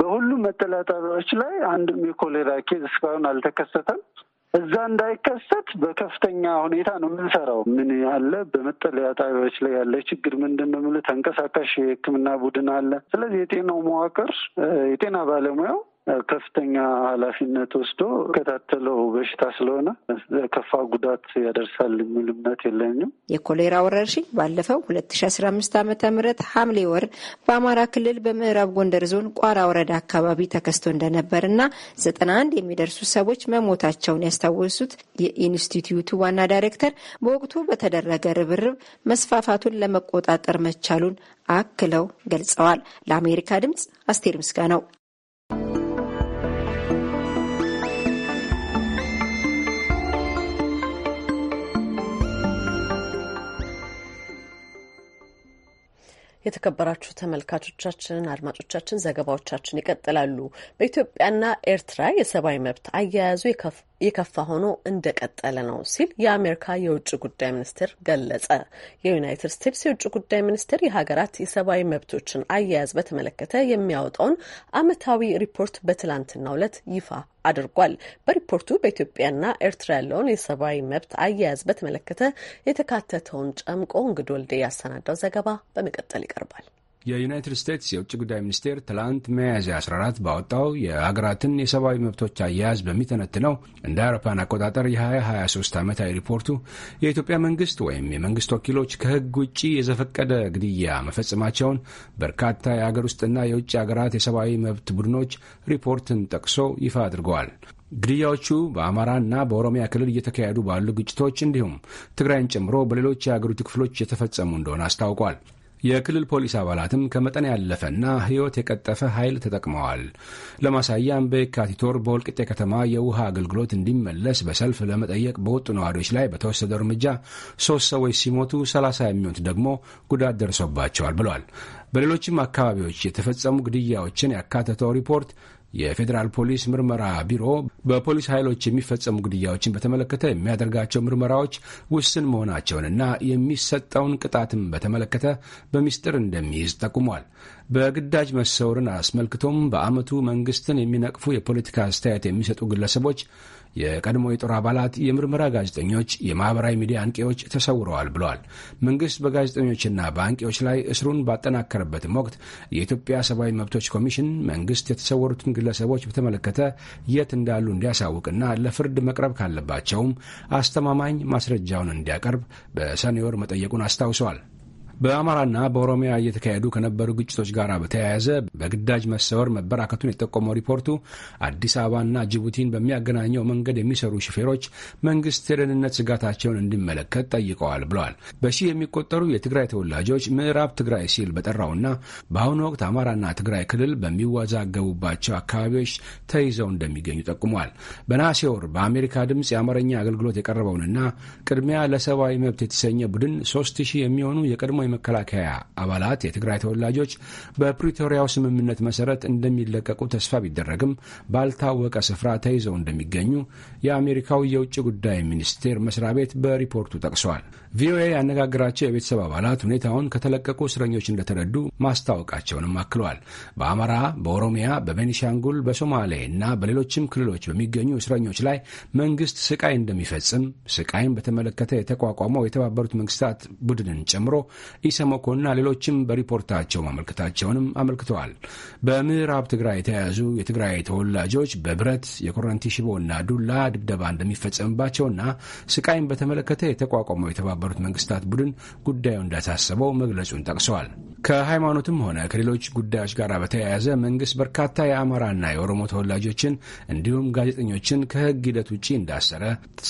በሁሉም መጠለያ ጣቢያዎች ላይ አንድም የኮሌራ ኬዝ እስካሁን አልተከሰተም። እዛ እንዳይከሰት በከፍተኛ ሁኔታ ነው የምንሰራው። ምን ያለ በመጠለያ ጣቢያዎች ላይ ያለ ችግር ምንድን ነው ተንቀሳቃሽ የሕክምና ቡድን አለ። ስለዚህ የጤናው መዋቅር የጤና ባለሙያው ከፍተኛ ኃላፊነት ወስዶ ከታተለው በሽታ ስለሆነ ከፋ ጉዳት ያደርሳል የሚል እምነት የለኝም። የኮሌራ ወረርሽኝ ባለፈው ሁለት ሺ አስራ አምስት ዓመተ ምህረት ሐምሌ ወር በአማራ ክልል በምዕራብ ጎንደር ዞን ቋራ ወረዳ አካባቢ ተከስቶ እንደነበር እና ዘጠና አንድ የሚደርሱ ሰዎች መሞታቸውን ያስታወሱት የኢንስቲትዩቱ ዋና ዳይሬክተር በወቅቱ በተደረገ ርብርብ መስፋፋቱን ለመቆጣጠር መቻሉን አክለው ገልጸዋል። ለአሜሪካ ድምጽ አስቴር ምስጋ ነው። የተከበራችሁ ተመልካቾቻችን፣ አድማጮቻችን ዘገባዎቻችን ይቀጥላሉ። በኢትዮጵያና ኤርትራ የሰብአዊ መብት አያያዙ የከፋ ሆኖ እንደቀጠለ ነው ሲል የአሜሪካ የውጭ ጉዳይ ሚኒስቴር ገለጸ። የዩናይትድ ስቴትስ የውጭ ጉዳይ ሚኒስቴር የሀገራት የሰብአዊ መብቶችን አያያዝ በተመለከተ የሚያወጣውን ዓመታዊ ሪፖርት በትላንትናው ዕለት ይፋ አድርጓል። በሪፖርቱ በኢትዮጵያና ኤርትራ ያለውን የሰብአዊ መብት አያያዝ በተመለከተ የተካተተውን ጨምቆ እንግዶ ወልዴ ያሰናዳው ዘገባ በመቀጠል ይቀርባል። የዩናይትድ ስቴትስ የውጭ ጉዳይ ሚኒስቴር ትላንት ሚያዝያ 14 ባወጣው የሀገራትን የሰብአዊ መብቶች አያያዝ በሚተነትነው እንደ አውሮፓን አቆጣጠር የ2023 ዓመታዊ ሪፖርቱ የኢትዮጵያ መንግስት ወይም የመንግስት ወኪሎች ከህግ ውጭ የዘፈቀደ ግድያ መፈጸማቸውን በርካታ የአገር ውስጥና የውጭ ሀገራት የሰብአዊ መብት ቡድኖች ሪፖርትን ጠቅሶ ይፋ አድርገዋል። ግድያዎቹ በአማራና በኦሮሚያ ክልል እየተካሄዱ ባሉ ግጭቶች እንዲሁም ትግራይን ጨምሮ በሌሎች የአገሪቱ ክፍሎች የተፈጸሙ እንደሆነ አስታውቋል። የክልል ፖሊስ አባላትም ከመጠን ያለፈና ሕይወት የቀጠፈ ኃይል ተጠቅመዋል። ለማሳያም በየካቲት ወር በወልቅጤ ከተማ የውሃ አገልግሎት እንዲመለስ በሰልፍ ለመጠየቅ በወጡ ነዋሪዎች ላይ በተወሰደው እርምጃ ሶስት ሰዎች ሲሞቱ ሰላሳ የሚሆኑት ደግሞ ጉዳት ደርሶባቸዋል ብለዋል። በሌሎችም አካባቢዎች የተፈጸሙ ግድያዎችን ያካተተው ሪፖርት የፌዴራል ፖሊስ ምርመራ ቢሮ በፖሊስ ኃይሎች የሚፈጸሙ ግድያዎችን በተመለከተ የሚያደርጋቸው ምርመራዎች ውስን መሆናቸውንና የሚሰጠውን ቅጣትም በተመለከተ በሚስጥር እንደሚይዝ ጠቁሟል። በግዳጅ መሰውርን አስመልክቶም በዓመቱ መንግስትን የሚነቅፉ የፖለቲካ አስተያየት የሚሰጡ ግለሰቦች የቀድሞ የጦር አባላት፣ የምርመራ ጋዜጠኞች፣ የማኅበራዊ ሚዲያ አንቂዎች ተሰውረዋል ብለዋል። መንግሥት በጋዜጠኞችና በአንቂዎች ላይ እስሩን ባጠናከረበትም ወቅት የኢትዮጵያ ሰብአዊ መብቶች ኮሚሽን መንግሥት የተሰወሩትን ግለሰቦች በተመለከተ የት እንዳሉ እንዲያሳውቅና ለፍርድ መቅረብ ካለባቸውም አስተማማኝ ማስረጃውን እንዲያቀርብ በሰኔ ወር መጠየቁን አስታውሰዋል። በአማራና በኦሮሚያ እየተካሄዱ ከነበሩ ግጭቶች ጋር በተያያዘ በግዳጅ መሰወር መበራከቱን የጠቆመው ሪፖርቱ አዲስ አበባና ጅቡቲን በሚያገናኘው መንገድ የሚሰሩ ሹፌሮች መንግስት የደህንነት ስጋታቸውን እንዲመለከት ጠይቀዋል ብለዋል። በሺህ የሚቆጠሩ የትግራይ ተወላጆች ምዕራብ ትግራይ ሲል በጠራውና በአሁኑ ወቅት አማራና ትግራይ ክልል በሚወዛገቡባቸው አካባቢዎች ተይዘው እንደሚገኙ ጠቁመዋል። በነሐሴ ወር በአሜሪካ ድምፅ የአማርኛ አገልግሎት የቀረበውንና ቅድሚያ ለሰብአዊ መብት የተሰኘ ቡድን ሶስት ሺህ የሚሆኑ የቀድሞ የመከላከያ አባላት የትግራይ ተወላጆች በፕሪቶሪያው ስምምነት መሰረት እንደሚለቀቁ ተስፋ ቢደረግም ባልታወቀ ስፍራ ተይዘው እንደሚገኙ የአሜሪካው የውጭ ጉዳይ ሚኒስቴር መስሪያ ቤት በሪፖርቱ ጠቅሷል። ቪኦኤ ያነጋገራቸው የቤተሰብ አባላት ሁኔታውን ከተለቀቁ እስረኞች እንደተረዱ ማስታወቃቸውንም አክለዋል። በአማራ፣ በኦሮሚያ፣ በቤኒሻንጉል፣ በሶማሌ እና በሌሎችም ክልሎች በሚገኙ እስረኞች ላይ መንግስት ስቃይ እንደሚፈጽም ስቃይን በተመለከተ የተቋቋመው የተባበሩት መንግስታት ቡድንን ጨምሮ ኢሰመኮና ሌሎችም በሪፖርታቸው ማመልከታቸውንም አመልክተዋል። በምዕራብ ትግራይ የተያያዙ የትግራይ ተወላጆች በብረት የኮረንቲ ሽቦና ዱላ ድብደባ እንደሚፈጸምባቸውና ስቃይን በተመለከተ የተቋቋመው የተባበሩት የተባበሩት መንግስታት ቡድን ጉዳዩ እንዳሳሰበው መግለጹን ጠቅሰዋል። ከሃይማኖትም ሆነ ከሌሎች ጉዳዮች ጋር በተያያዘ መንግስት በርካታ የአማራና የኦሮሞ ተወላጆችን እንዲሁም ጋዜጠኞችን ከህግ ሂደት ውጪ እንዳሰረ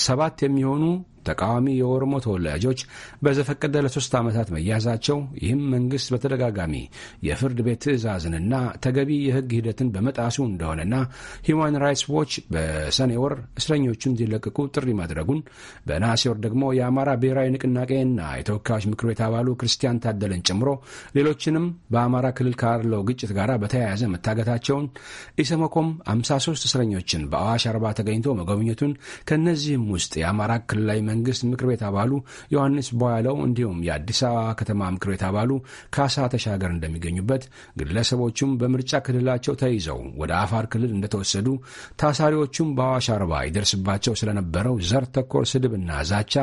ሰባት የሚሆኑ ተቃዋሚ የኦሮሞ ተወላጆች በዘፈቀደ ለሶስት ዓመታት መያዛቸው፣ ይህም መንግሥት በተደጋጋሚ የፍርድ ቤት ትዕዛዝንና ተገቢ የሕግ ሂደትን በመጣሱ እንደሆነና ሂውማን ራይትስ ዎች በሰኔ ወር እስረኞቹ እንዲለቀቁ ጥሪ ማድረጉን በነሐሴ ወር ደግሞ የአማራ ብሔራዊ ንቅናቄና የተወካዮች ምክር ቤት አባሉ ክርስቲያን ታደለን ጨምሮ ሌሎችንም በአማራ ክልል ካለው ግጭት ጋር በተያያዘ መታገታቸውን ኢሰመኮም 53 እስረኞችን በአዋሽ አርባ ተገኝቶ መጎብኘቱን ከእነዚህም ውስጥ የአማራ ክልላዊ መንግስት ምክር ቤት አባሉ ዮሐንስ ቧያለው እንዲሁም የአዲስ አበባ ከተማ ምክር ቤት አባሉ ካሳ ተሻገር እንደሚገኙበት፣ ግለሰቦቹም በምርጫ ክልላቸው ተይዘው ወደ አፋር ክልል እንደተወሰዱ፣ ታሳሪዎቹም በአዋሽ አርባ ይደርስባቸው ስለነበረው ዘር ተኮር ስድብና ዛቻ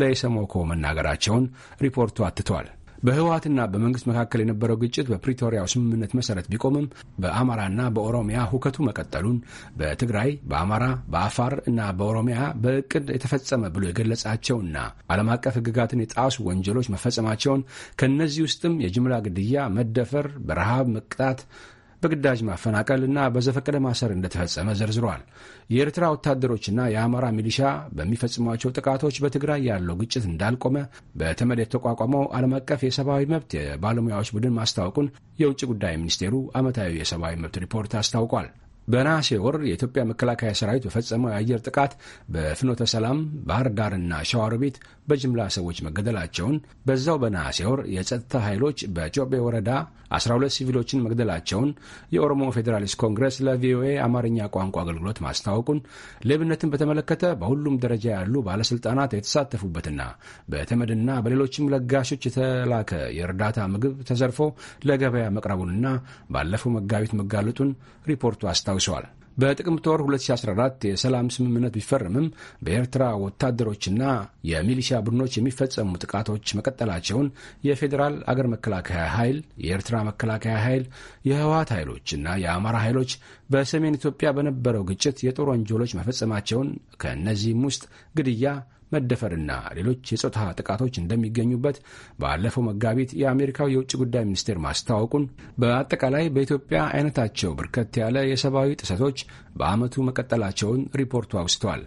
ለኢሰመኮ መናገራቸውን ሪፖርቱ አትቷል። በህወሀትና በመንግስት መካከል የነበረው ግጭት በፕሪቶሪያው ስምምነት መሰረት ቢቆምም በአማራና በኦሮሚያ ሁከቱ መቀጠሉን በትግራይ፣ በአማራ፣ በአፋር እና በኦሮሚያ በእቅድ የተፈጸመ ብሎ የገለጻቸውና ዓለም አቀፍ ህግጋትን የጣሱ ወንጀሎች መፈጸማቸውን ከእነዚህ ውስጥም የጅምላ ግድያ፣ መደፈር፣ በረሃብ መቅጣት በግዳጅ ማፈናቀል እና በዘፈቀደ ማሰር እንደተፈጸመ ዘርዝረዋል። የኤርትራ ወታደሮችና የአማራ ሚሊሻ በሚፈጽሟቸው ጥቃቶች በትግራይ ያለው ግጭት እንዳልቆመ በተመድ የተቋቋመው ዓለም አቀፍ የሰብአዊ መብት የባለሙያዎች ቡድን ማስታወቁን የውጭ ጉዳይ ሚኒስቴሩ ዓመታዊ የሰብአዊ መብት ሪፖርት አስታውቋል። በነሐሴ ወር የኢትዮጵያ መከላከያ ሰራዊት በፈጸመው የአየር ጥቃት በፍኖተ ሰላም፣ ባህር ዳርና ሸዋሮቢት በጅምላ ሰዎች መገደላቸውን፣ በዛው በነሐሴ ወር የጸጥታ ኃይሎች በጮቤ ወረዳ 12 ሲቪሎችን መግደላቸውን የኦሮሞ ፌዴራሊስት ኮንግረስ ለቪኦኤ አማርኛ ቋንቋ አገልግሎት ማስታወቁን፣ ሌብነትን በተመለከተ በሁሉም ደረጃ ያሉ ባለሥልጣናት የተሳተፉበትና በተመድና በሌሎችም ለጋሾች የተላከ የእርዳታ ምግብ ተዘርፎ ለገበያ መቅረቡንና ባለፈው መጋቢት መጋለጡን ሪፖርቱ አስታ አስታውሰዋል። በጥቅምት ወር 2014 የሰላም ስምምነት ቢፈርምም በኤርትራ ወታደሮችና የሚሊሻ ቡድኖች የሚፈጸሙ ጥቃቶች መቀጠላቸውን የፌዴራል አገር መከላከያ ኃይል፣ የኤርትራ መከላከያ ኃይል፣ የህወሀት ኃይሎችና የአማራ ኃይሎች በሰሜን ኢትዮጵያ በነበረው ግጭት የጦር ወንጀሎች መፈጸማቸውን ከእነዚህም ውስጥ ግድያ መደፈርና ሌሎች የጾታ ጥቃቶች እንደሚገኙበት ባለፈው መጋቢት የአሜሪካው የውጭ ጉዳይ ሚኒስቴር ማስታወቁን፣ በአጠቃላይ በኢትዮጵያ አይነታቸው በርከት ያለ የሰብአዊ ጥሰቶች በዓመቱ መቀጠላቸውን ሪፖርቱ አውስተዋል።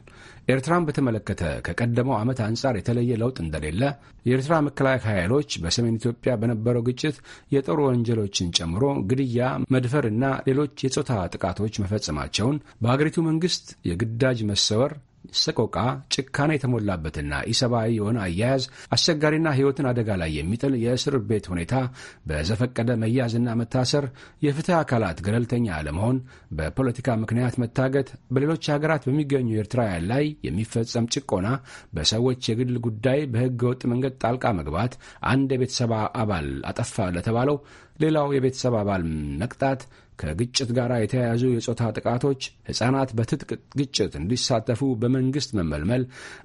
ኤርትራን በተመለከተ ከቀደመው ዓመት አንጻር የተለየ ለውጥ እንደሌለ የኤርትራ መከላከያ ኃይሎች በሰሜን ኢትዮጵያ በነበረው ግጭት የጦር ወንጀሎችን ጨምሮ ግድያ፣ መድፈርና ሌሎች የጾታ ጥቃቶች መፈጸማቸውን በሀገሪቱ መንግስት የግዳጅ መሰወር ሰቆቃ፣ ጭካኔ የተሞላበትና ኢሰብአዊ የሆነ አያያዝ፣ አስቸጋሪና ሕይወትን አደጋ ላይ የሚጥል የእስር ቤት ሁኔታ፣ በዘፈቀደ መያዝና መታሰር፣ የፍትህ አካላት ገለልተኛ አለመሆን፣ በፖለቲካ ምክንያት መታገት፣ በሌሎች ሀገራት በሚገኙ ኤርትራውያን ላይ የሚፈጸም ጭቆና፣ በሰዎች የግል ጉዳይ በሕገ ወጥ መንገድ ጣልቃ መግባት፣ አንድ የቤተሰብ አባል አጠፋ ለተባለው ሌላው የቤተሰብ አባል መቅጣት ከግጭት ጋር የተያያዙ የጾታ ጥቃቶች፣ ሕፃናት በትጥቅ ግጭት እንዲሳተፉ በመንግሥት መመልመል፣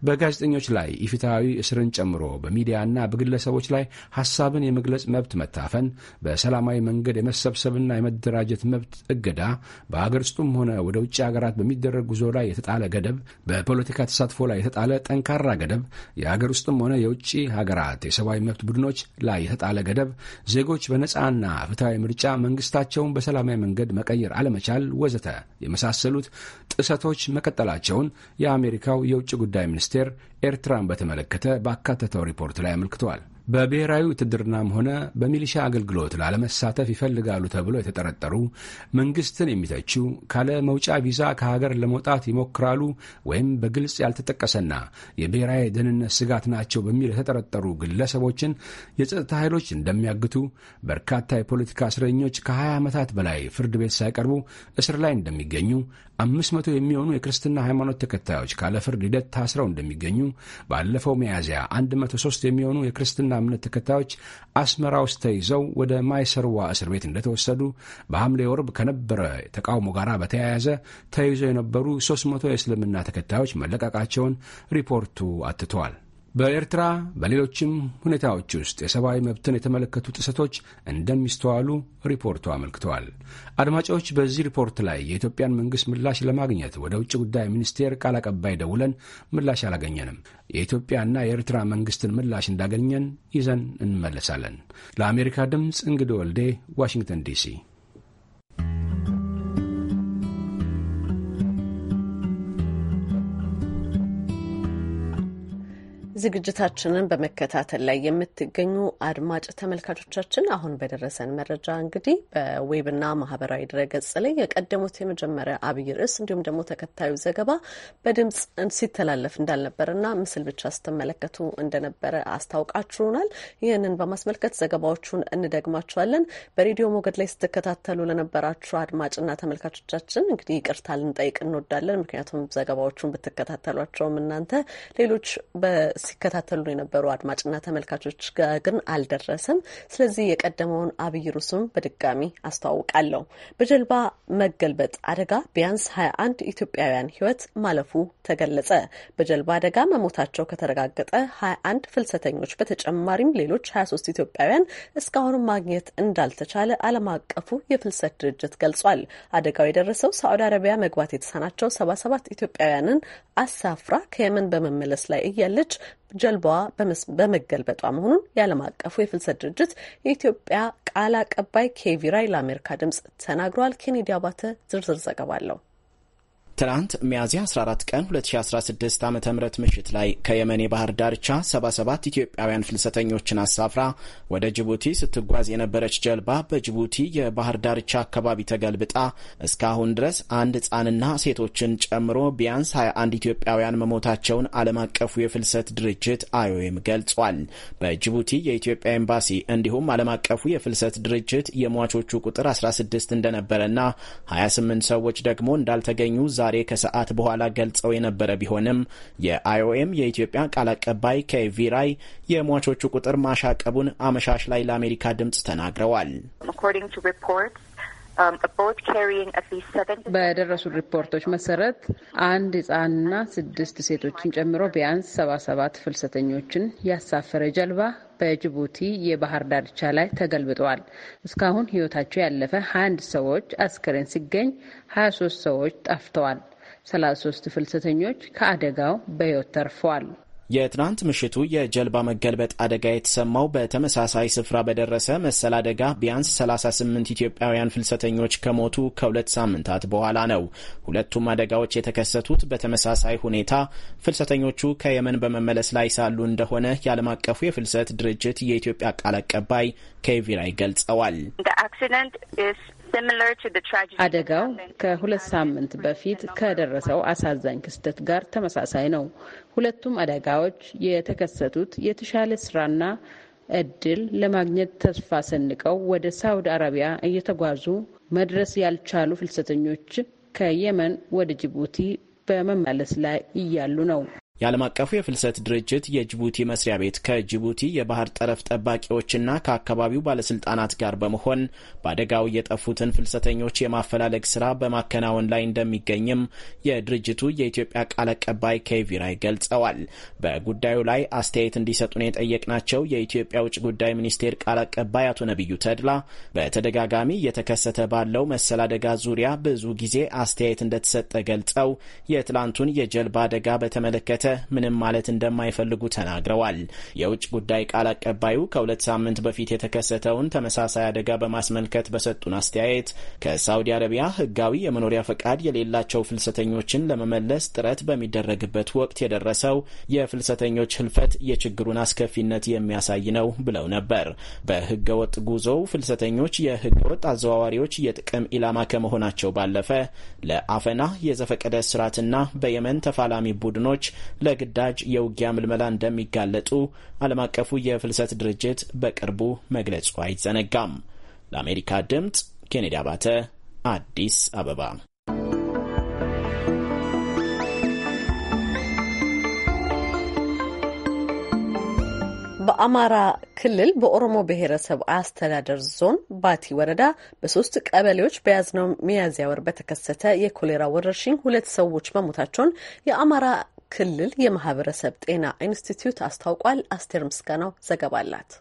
በጋዜጠኞች ላይ ኢፍትሐዊ እስርን ጨምሮ በሚዲያና በግለሰቦች ላይ ሐሳብን የመግለጽ መብት መታፈን፣ በሰላማዊ መንገድ የመሰብሰብና የመደራጀት መብት እገዳ፣ በአገር ውስጡም ሆነ ወደ ውጭ ሀገራት በሚደረግ ጉዞ ላይ የተጣለ ገደብ፣ በፖለቲካ ተሳትፎ ላይ የተጣለ ጠንካራ ገደብ፣ የአገር ውስጥም ሆነ የውጭ ሀገራት የሰብአዊ መብት ቡድኖች ላይ የተጣለ ገደብ፣ ዜጎች በነጻና ፍትሐዊ ምርጫ መንግሥታቸውን በሰላማዊ መንገድ መቀየር አለመቻል፣ ወዘተ የመሳሰሉት ጥሰቶች መቀጠላቸውን የአሜሪካው የውጭ ጉዳይ ሚኒስቴር ኤርትራን በተመለከተ ባካተተው ሪፖርት ላይ አመልክተዋል። በብሔራዊ ውትድርናም ሆነ በሚሊሻ አገልግሎት ላለመሳተፍ ይፈልጋሉ ተብሎ የተጠረጠሩ፣ መንግስትን የሚተቹ፣ ካለ መውጫ ቪዛ ከሀገር ለመውጣት ይሞክራሉ ወይም በግልጽ ያልተጠቀሰና የብሔራዊ ደህንነት ስጋት ናቸው በሚል የተጠረጠሩ ግለሰቦችን የጸጥታ ኃይሎች እንደሚያግቱ፣ በርካታ የፖለቲካ እስረኞች ከ20 ዓመታት በላይ ፍርድ ቤት ሳይቀርቡ እስር ላይ እንደሚገኙ አምስት መቶ የሚሆኑ የክርስትና ሃይማኖት ተከታዮች ካለ ፍርድ ሂደት ታስረው እንደሚገኙ፣ ባለፈው ሚያዝያ 103 የሚሆኑ የክርስትና እምነት ተከታዮች አስመራ ውስጥ ተይዘው ወደ ማይሰርዋ እስር ቤት እንደተወሰዱ፣ በሐምሌ ወርብ ከነበረ ተቃውሞ ጋር በተያያዘ ተይዘው የነበሩ 300 የእስልምና ተከታዮች መለቀቃቸውን ሪፖርቱ አትተዋል። በኤርትራ በሌሎችም ሁኔታዎች ውስጥ የሰብአዊ መብትን የተመለከቱ ጥሰቶች እንደሚስተዋሉ ሪፖርቱ አመልክተዋል። አድማጮች፣ በዚህ ሪፖርት ላይ የኢትዮጵያን መንግሥት ምላሽ ለማግኘት ወደ ውጭ ጉዳይ ሚኒስቴር ቃል አቀባይ ደውለን ምላሽ አላገኘንም። የኢትዮጵያና የኤርትራ መንግሥትን ምላሽ እንዳገኘን ይዘን እንመለሳለን። ለአሜሪካ ድምፅ እንግዶ ወልዴ ዋሽንግተን ዲሲ ዝግጅታችንን በመከታተል ላይ የምትገኙ አድማጭ ተመልካቾቻችን አሁን በደረሰን መረጃ እንግዲህ በዌብና ማህበራዊ ድረገጽ ላይ የቀደሙት የመጀመሪያ አብይ ርዕስ እንዲሁም ደግሞ ተከታዩ ዘገባ በድምጽ ሲተላለፍ ና ምስል ብቻ ስትመለከቱ እንደነበረ አስታውቃችሁናል። ይህንን በማስመልከት ዘገባዎቹን እንደግማችኋለን። በሬዲዮ ሞገድ ላይ ስትከታተሉ ለነበራችሁ አድማጭና ተመልካቾቻችን እንግዲህ ይቅርታ ልንጠይቅ እንወዳለን። ምክንያቱም ዘገባዎቹን ብትከታተሏቸውም እናንተ ሌሎች ሲከታተሉ የነበሩ አድማጭና ተመልካቾች ጋር ግን አልደረሰም። ስለዚህ የቀደመውን አብይ ርዕሱን በድጋሚ አስተዋውቃለሁ። በጀልባ መገልበጥ አደጋ ቢያንስ 21 ኢትዮጵያውያን ሕይወት ማለፉ ተገለጸ። በጀልባ አደጋ መሞታቸው ከተረጋገጠ 21 ፍልሰተኞች በተጨማሪም ሌሎች 23 ኢትዮጵያውያን እስካሁንም ማግኘት እንዳልተቻለ ዓለም አቀፉ የፍልሰት ድርጅት ገልጿል። አደጋው የደረሰው ሳዑዲ አረቢያ መግባት የተሳናቸው 77 ኢትዮጵያውያንን አሳፍራ ከየመን በመመለስ ላይ እያለች ጀልባዋ በመገልበጧ መሆኑን የዓለም አቀፉ የፍልሰት ድርጅት የኢትዮጵያ ቃል አቀባይ ኬቪራይ ለአሜሪካ ድምጽ ተናግረዋል። ኬኔዲ አባተ ዝርዝር ዘገባ አለው። ትናንት ሚያዝያ 14 ቀን 2016 ዓ ም ምሽት ላይ ከየመን የባህር ዳርቻ 77 ኢትዮጵያውያን ፍልሰተኞችን አሳፍራ ወደ ጅቡቲ ስትጓዝ የነበረች ጀልባ በጅቡቲ የባህር ዳርቻ አካባቢ ተገልብጣ እስካሁን ድረስ አንድ ሕፃንና ሴቶችን ጨምሮ ቢያንስ 21 ኢትዮጵያውያን መሞታቸውን ዓለም አቀፉ የፍልሰት ድርጅት አዮም ገልጿል። በጅቡቲ የኢትዮጵያ ኤምባሲ እንዲሁም ዓለም አቀፉ የፍልሰት ድርጅት የሟቾቹ ቁጥር 16 እንደነበረና 28 ሰዎች ደግሞ እንዳልተገኙ ዛሬ ከሰዓት በኋላ ገልጸው የነበረ ቢሆንም የአይኦኤም የኢትዮጵያ ቃል አቀባይ ኬቪ ራይ የሟቾቹ ቁጥር ማሻቀቡን አመሻሽ ላይ ለአሜሪካ ድምፅ ተናግረዋል። Um, በደረሱ ሪፖርቶች መሰረት አንድ ህጻንና ስድስት ሴቶችን ጨምሮ ቢያንስ ሰባ ሰባት ፍልሰተኞችን ያሳፈረ ጀልባ በጅቡቲ የባህር ዳርቻ ላይ ተገልብጠዋል። እስካሁን ህይወታቸው ያለፈ ሀያ አንድ ሰዎች አስክሬን ሲገኝ ሀያ ሶስት ሰዎች ጠፍተዋል። ሰላሳ ሶስት ፍልሰተኞች ከአደጋው በህይወት ተርፈዋል። የትናንት ምሽቱ የጀልባ መገልበጥ አደጋ የተሰማው በተመሳሳይ ስፍራ በደረሰ መሰል አደጋ ቢያንስ 38 ኢትዮጵያውያን ፍልሰተኞች ከሞቱ ከሁለት ሳምንታት በኋላ ነው። ሁለቱም አደጋዎች የተከሰቱት በተመሳሳይ ሁኔታ ፍልሰተኞቹ ከየመን በመመለስ ላይ ሳሉ እንደሆነ የዓለም አቀፉ የፍልሰት ድርጅት የኢትዮጵያ ቃል አቀባይ ላይ ገልጸዋል። አደጋው ከሁለት ሳምንት በፊት ከደረሰው አሳዛኝ ክስተት ጋር ተመሳሳይ ነው። ሁለቱም አደጋዎች የተከሰቱት የተሻለ ስራና እድል ለማግኘት ተስፋ ሰንቀው ወደ ሳውዲ አረቢያ እየተጓዙ መድረስ ያልቻሉ ፍልሰተኞች ከየመን ወደ ጅቡቲ በመመለስ ላይ እያሉ ነው። የዓለም አቀፉ የፍልሰት ድርጅት የጅቡቲ መስሪያ ቤት ከጅቡቲ የባህር ጠረፍ ጠባቂዎችና ከአካባቢው ባለስልጣናት ጋር በመሆን በአደጋው የጠፉትን ፍልሰተኞች የማፈላለግ ስራ በማከናወን ላይ እንደሚገኝም የድርጅቱ የኢትዮጵያ ቃል አቀባይ ኬቪራይ ገልጸዋል። በጉዳዩ ላይ አስተያየት እንዲሰጡን የጠየቅናቸው የኢትዮጵያ ውጭ ጉዳይ ሚኒስቴር ቃል አቀባይ አቶ ነቢዩ ተድላ በተደጋጋሚ እየተከሰተ ባለው መሰል አደጋ ዙሪያ ብዙ ጊዜ አስተያየት እንደተሰጠ ገልጸው የትላንቱን የጀልባ አደጋ በተመለከተ ምንም ማለት እንደማይፈልጉ ተናግረዋል። የውጭ ጉዳይ ቃል አቀባዩ ከሁለት ሳምንት በፊት የተከሰተውን ተመሳሳይ አደጋ በማስመልከት በሰጡን አስተያየት ከሳውዲ አረቢያ ህጋዊ የመኖሪያ ፈቃድ የሌላቸው ፍልሰተኞችን ለመመለስ ጥረት በሚደረግበት ወቅት የደረሰው የፍልሰተኞች ህልፈት የችግሩን አስከፊነት የሚያሳይ ነው ብለው ነበር። በህገወጥ ጉዞው ፍልሰተኞች የህገወጥ አዘዋዋሪዎች የጥቅም ኢላማ ከመሆናቸው ባለፈ ለአፈና የዘፈቀደ ስርዓትና በየመን ተፋላሚ ቡድኖች ለግዳጅ የውጊያ ምልመላ እንደሚጋለጡ ዓለም አቀፉ የፍልሰት ድርጅት በቅርቡ መግለጹ አይዘነጋም። ለአሜሪካ ድምፅ ኬኔዲ አባተ አዲስ አበባ። በአማራ ክልል በኦሮሞ ብሔረሰብ አስተዳደር ዞን ባቲ ወረዳ በሶስት ቀበሌዎች በያዝነው ሚያዝያ ወር በተከሰተ የኮሌራ ወረርሽኝ ሁለት ሰዎች መሞታቸውን የአማራ ክልል የማህበረሰብ ጤና ኢንስቲትዩት አስታውቋል። አስቴር ምስጋናው ዘገባ አላት።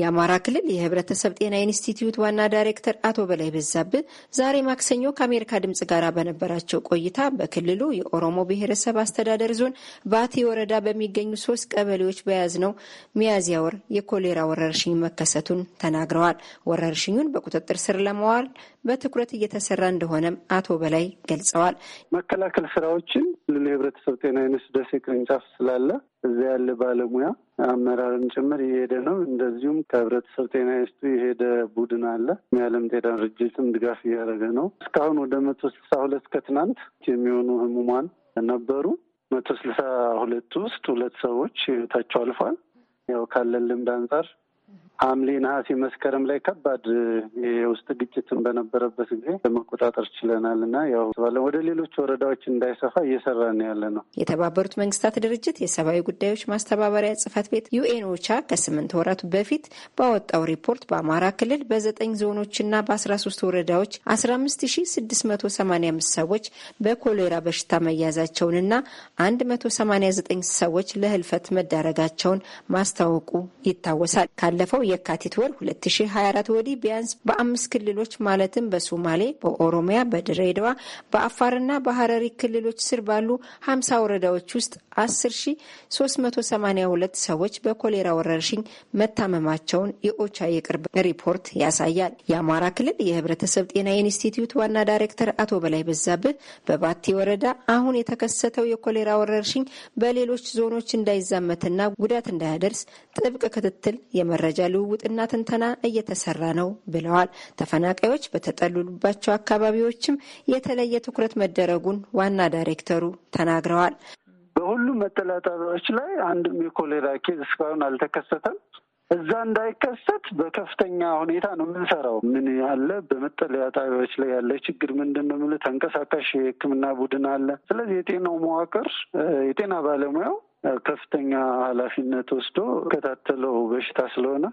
የአማራ ክልል የህብረተሰብ ጤና ኢንስቲትዩት ዋና ዳይሬክተር አቶ በላይ በዛብ ዛሬ ማክሰኞ ከአሜሪካ ድምጽ ጋር በነበራቸው ቆይታ በክልሉ የኦሮሞ ብሔረሰብ አስተዳደር ዞን ባቲ ወረዳ በሚገኙ ሶስት ቀበሌዎች በያዝነው ሚያዝያ ወር የኮሌራ ወረርሽኝ መከሰቱን ተናግረዋል። ወረርሽኙን በቁጥጥር ስር ለመዋል። በትኩረት እየተሰራ እንደሆነም አቶ በላይ ገልጸዋል። መከላከል ስራዎችን ህብረተሰብ ጤና ዩኒቨርስቲ ደሴ ቅርንጫፍ ስላለ እዚያ ያለ ባለሙያ አመራርን ጭምር እየሄደ ነው። እንደዚሁም ከህብረተሰብ ጤና ይስቱ የሄደ ቡድን አለ። የዓለም ጤና ድርጅትም ድጋፍ እያደረገ ነው። እስካሁን ወደ መቶ ስልሳ ሁለት ከትናንት የሚሆኑ ህሙማን ነበሩ። መቶ ስልሳ ሁለት ውስጥ ሁለት ሰዎች ህይወታቸው አልፏል። ያው ካለን ልምድ አንጻር ሐምሌ፣ ነሐሴ፣ መስከረም ላይ ከባድ የውስጥ ግጭትን በነበረበት ጊዜ ለመቆጣጠር ችለናል እና ያው ባለ ወደ ሌሎች ወረዳዎች እንዳይሰፋ እየሰራን ያለ ነው። የተባበሩት መንግስታት ድርጅት የሰብአዊ ጉዳዮች ማስተባበሪያ ጽህፈት ቤት ዩኤን ኦቻ ከስምንት ወራቱ በፊት ባወጣው ሪፖርት በአማራ ክልል በዘጠኝ ዞኖችና በአስራ ሶስት ወረዳዎች አስራ አምስት ሺ ስድስት መቶ ሰማኒያ አምስት ሰዎች በኮሌራ በሽታ መያዛቸውንና አንድ መቶ ሰማኒያ ዘጠኝ ሰዎች ለህልፈት መዳረጋቸውን ማስታወቁ ይታወሳል ካለፈው የካቲት ወር 2024 ወዲህ ቢያንስ በአምስት ክልሎች ማለትም በሶማሌ፣ በኦሮሚያ፣ በድሬዳዋ፣ በአፋርና በሀረሪ ክልሎች ስር ባሉ 50 ወረዳዎች ውስጥ 10382 ሰዎች በኮሌራ ወረርሽኝ መታመማቸውን የኦቻ የቅርብ ሪፖርት ያሳያል። የአማራ ክልል የህብረተሰብ ጤና ኢንስቲትዩት ዋና ዳይሬክተር አቶ በላይ በዛብህ በባቲ ወረዳ አሁን የተከሰተው የኮሌራ ወረርሽኝ በሌሎች ዞኖች እንዳይዛመትና ጉዳት እንዳያደርስ ጥብቅ ክትትል የመረጃ ልውውጥና ትንተና እየተሰራ ነው ብለዋል። ተፈናቃዮች በተጠለሉባቸው አካባቢዎችም የተለየ ትኩረት መደረጉን ዋና ዳይሬክተሩ ተናግረዋል። በሁሉም መጠለያ ጣቢያዎች ላይ አንድም የኮሌራ ኬዝ እስካሁን አልተከሰተም። እዛ እንዳይከሰት በከፍተኛ ሁኔታ ነው የምንሰራው። ምን ያለ በመጠለያ ጣቢያዎች ላይ ያለ ችግር ምንድን ነው የምልህ፣ ተንቀሳቃሽ የሕክምና ቡድን አለ። ስለዚህ የጤናው መዋቅር የጤና ባለሙያው ከፍተኛ ኃላፊነት ወስዶ ከታተለው በሽታ ስለሆነ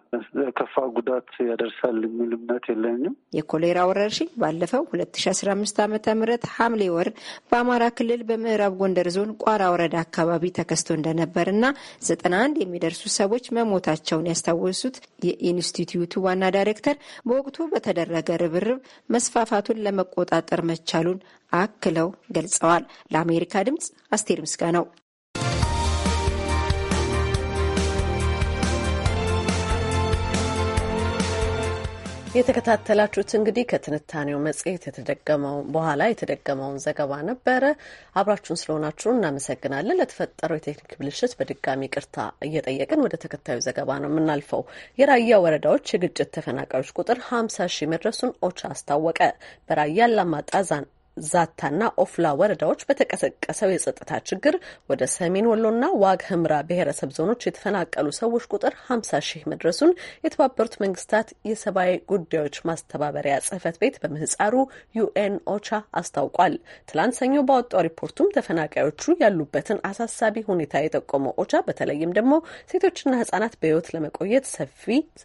ከፋ ጉዳት ያደርሳል የሚል እምነት የለኝም። የኮሌራ ወረርሽኝ ባለፈው ሁለት ሺ አስራ አምስት ዓመተ ምህረት ሐምሌ ወር በአማራ ክልል በምዕራብ ጎንደር ዞን ቋራ ወረዳ አካባቢ ተከስቶ እንደነበር እና ዘጠና አንድ የሚደርሱ ሰዎች መሞታቸውን ያስታወሱት የኢንስቲትዩቱ ዋና ዳይሬክተር በወቅቱ በተደረገ ርብርብ መስፋፋቱን ለመቆጣጠር መቻሉን አክለው ገልጸዋል። ለአሜሪካ ድምጽ አስቴር ምስጋ ነው። የተከታተላችሁት እንግዲህ ከትንታኔው መጽሔት የተደገመው በኋላ የተደገመውን ዘገባ ነበረ። አብራችሁን ስለሆናችሁ እናመሰግናለን። ለተፈጠረው የቴክኒክ ብልሽት በድጋሚ ቅርታ እየጠየቅን ወደ ተከታዩ ዘገባ ነው የምናልፈው። የራያ ወረዳዎች የግጭት ተፈናቃዮች ቁጥር ሀምሳ ሺህ መድረሱን ኦቻ አስታወቀ። በራያ አላማጣ ዛታና ኦፍላ ወረዳዎች በተቀሰቀሰው የጸጥታ ችግር ወደ ሰሜን ወሎና ዋግ ህምራ ብሔረሰብ ዞኖች የተፈናቀሉ ሰዎች ቁጥር ሀምሳ ሺህ መድረሱን የተባበሩት መንግስታት የሰብአዊ ጉዳዮች ማስተባበሪያ ጽህፈት ቤት በምህጻሩ ዩኤን ኦቻ አስታውቋል። ትላንት ሰኞ ባወጣው ሪፖርቱም ተፈናቃዮቹ ያሉበትን አሳሳቢ ሁኔታ የጠቆመው ኦቻ በተለይም ደግሞ ሴቶችና ህጻናት በህይወት ለመቆየት ሰፊ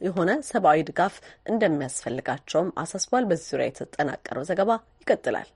የሆነ ሰብአዊ ድጋፍ እንደሚያስፈልጋቸውም አሳስቧል። በዚህ ዙሪያ የተጠናቀረው ዘገባ ይቀጥላል።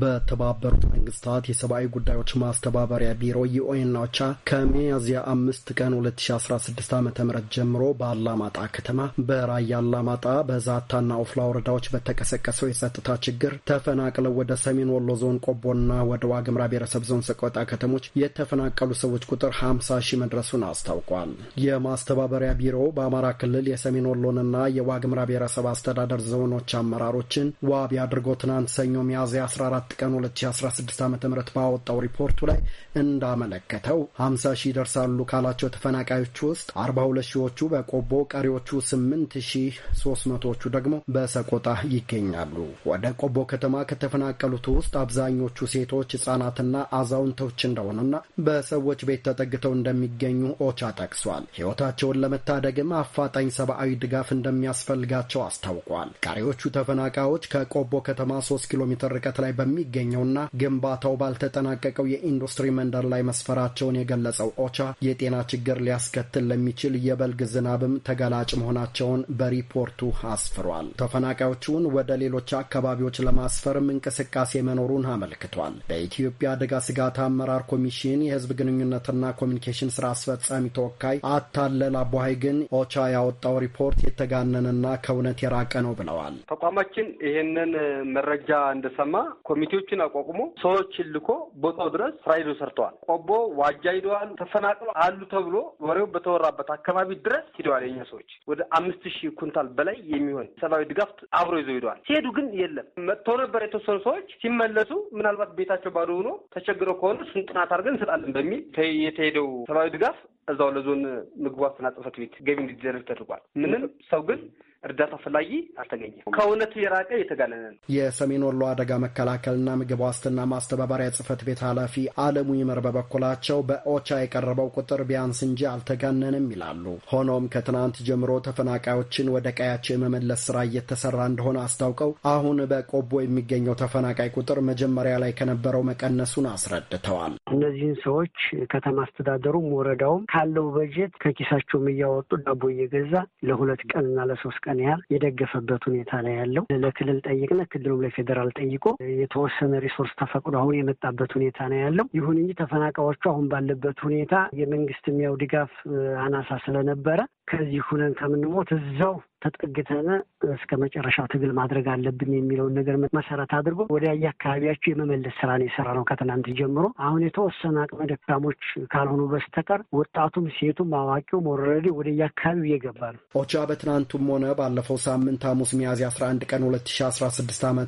በተባበሩት መንግስታት የሰብአዊ ጉዳዮች ማስተባበሪያ ቢሮ ዩኤን ኦቻ ከሚያዝያ አምስት ቀን 2016 ዓ ም ጀምሮ በአላማጣ ከተማ በራያ አላማጣ በዛታና ኦፍላ ወረዳዎች በተቀሰቀሰው የጸጥታ ችግር ተፈናቅለው ወደ ሰሜን ወሎ ዞን ቆቦና ወደ ዋግምራ ብሔረሰብ ዞን ሰቆጣ ከተሞች የተፈናቀሉ ሰዎች ቁጥር 50 ሺህ መድረሱን አስታውቋል። የማስተባበሪያ ቢሮ በአማራ ክልል የሰሜን ወሎንና የዋግምራ ብሔረሰብ አስተዳደር ዞኖች አመራሮችን ዋቢ አድርጎ ትናንት ሰኞ ሚያዝያ 14 ቀን 2016 ዓ ም ባወጣው ሪፖርቱ ላይ እንዳመለከተው 50 ሺህ ይደርሳሉ ካላቸው ተፈናቃዮች ውስጥ 42 ሺዎቹ በቆቦ፣ ቀሪዎቹ 8300ዎቹ ደግሞ በሰቆጣ ይገኛሉ። ወደ ቆቦ ከተማ ከተፈናቀሉት ውስጥ አብዛኞቹ ሴቶች፣ ህጻናትና አዛውንቶች እንደሆኑና በሰዎች ቤት ተጠግተው እንደሚገኙ ኦቻ ጠቅሷል። ህይወታቸውን ለመታደግም አፋጣኝ ሰብአዊ ድጋፍ እንደሚያስፈልጋቸው አስታውቋል። ቀሪዎቹ ተፈናቃዮች ከቆቦ ከተማ 3 ኪሎ ሜትር ርቀት ላይ ላይ በሚገኘውና ግንባታው ባልተጠናቀቀው የኢንዱስትሪ መንደር ላይ መስፈራቸውን የገለጸው ኦቻ የጤና ችግር ሊያስከትል ለሚችል የበልግ ዝናብም ተጋላጭ መሆናቸውን በሪፖርቱ አስፍሯል። ተፈናቃዮቹን ወደ ሌሎች አካባቢዎች ለማስፈርም እንቅስቃሴ መኖሩን አመልክቷል። በኢትዮጵያ አደጋ ስጋት አመራር ኮሚሽን የህዝብ ግንኙነትና ኮሚኒኬሽን ስራ አስፈጻሚ ተወካይ አታለላ አቧሀይ ግን ኦቻ ያወጣው ሪፖርት የተጋነነና ከእውነት የራቀ ነው ብለዋል። ተቋማችን ይህንን መረጃ እንደሰማ ኮሚቴዎችን አቋቁሞ ሰዎችን ልኮ ቦታው ድረስ ስራ ሂዶ ሰርተዋል። ቆቦ ዋጃ ሂደዋል። ተፈናቅለው አሉ ተብሎ ወሬው በተወራበት አካባቢ ድረስ ሂደዋል። የኛ ሰዎች ወደ አምስት ሺህ ኩንታል በላይ የሚሆን ሰብአዊ ድጋፍ አብሮ ይዘው ሂደዋል። ሲሄዱ ግን የለም መጥተው ነበር የተወሰኑ ሰዎች ሲመለሱ ምናልባት ቤታቸው ባዶ ሆኖ ተቸግረው ከሆነ እሱን ጥናት አድርገን እንሰጣለን በሚል የተሄደው ሰብአዊ ድጋፍ እዛው ለዞን ምግብ ዋስትና ጽሕፈት ቤት ገቢ እንዲደረግ ተደርጓል። ምንም ሰው ግን እርዳታ ፈላጊ አልተገኘም። ከእውነቱ የራቀ የተጋነነ ነው። የሰሜን ወሎ አደጋ መከላከልና ምግብ ዋስትና ማስተባበሪያ ጽህፈት ቤት ኃላፊ አለሙ ይመር በበኩላቸው በኦቻ የቀረበው ቁጥር ቢያንስ እንጂ አልተጋነንም ይላሉ። ሆኖም ከትናንት ጀምሮ ተፈናቃዮችን ወደ ቀያቸው የመመለስ ስራ እየተሰራ እንደሆነ አስታውቀው አሁን በቆቦ የሚገኘው ተፈናቃይ ቁጥር መጀመሪያ ላይ ከነበረው መቀነሱን አስረድተዋል። እነዚህን ሰዎች ከተማ አስተዳደሩም ወረዳውም ካለው በጀት ከኪሳቸውም እያወጡ ዳቦ እየገዛ ለሁለት ቀንና ለሶስት ቀን ቀን ያህል የደገፈበት ሁኔታ ነው ያለው። ለክልል ጠይቅነ ክልሉም ለፌዴራል ጠይቆ የተወሰነ ሪሶርስ ተፈቅዶ አሁን የመጣበት ሁኔታ ነው ያለው። ይሁን እንጂ ተፈናቃዮቹ አሁን ባለበት ሁኔታ የመንግስት የሚያው ድጋፍ አናሳ ስለነበረ ከዚህ ሁነን ከምንሞት እዛው ተጠግተን እስከ መጨረሻው ትግል ማድረግ አለብን የሚለውን ነገር መሰረት አድርጎ ወደ አካባቢያቸው የመመለስ ስራ ነው የሰራ ነው ከትናንት ጀምሮ። አሁን የተወሰነ አቅመ ደካሞች ካልሆኑ በስተቀር ወጣቱም፣ ሴቱም፣ አዋቂውም ወረዴ ወደ የአካባቢው እየገባ ነው። ኦቻ በትናንቱም ሆነ ባለፈው ሳምንት ሐሙስ ሚያዝያ 11 ቀን 2016 ዓ ም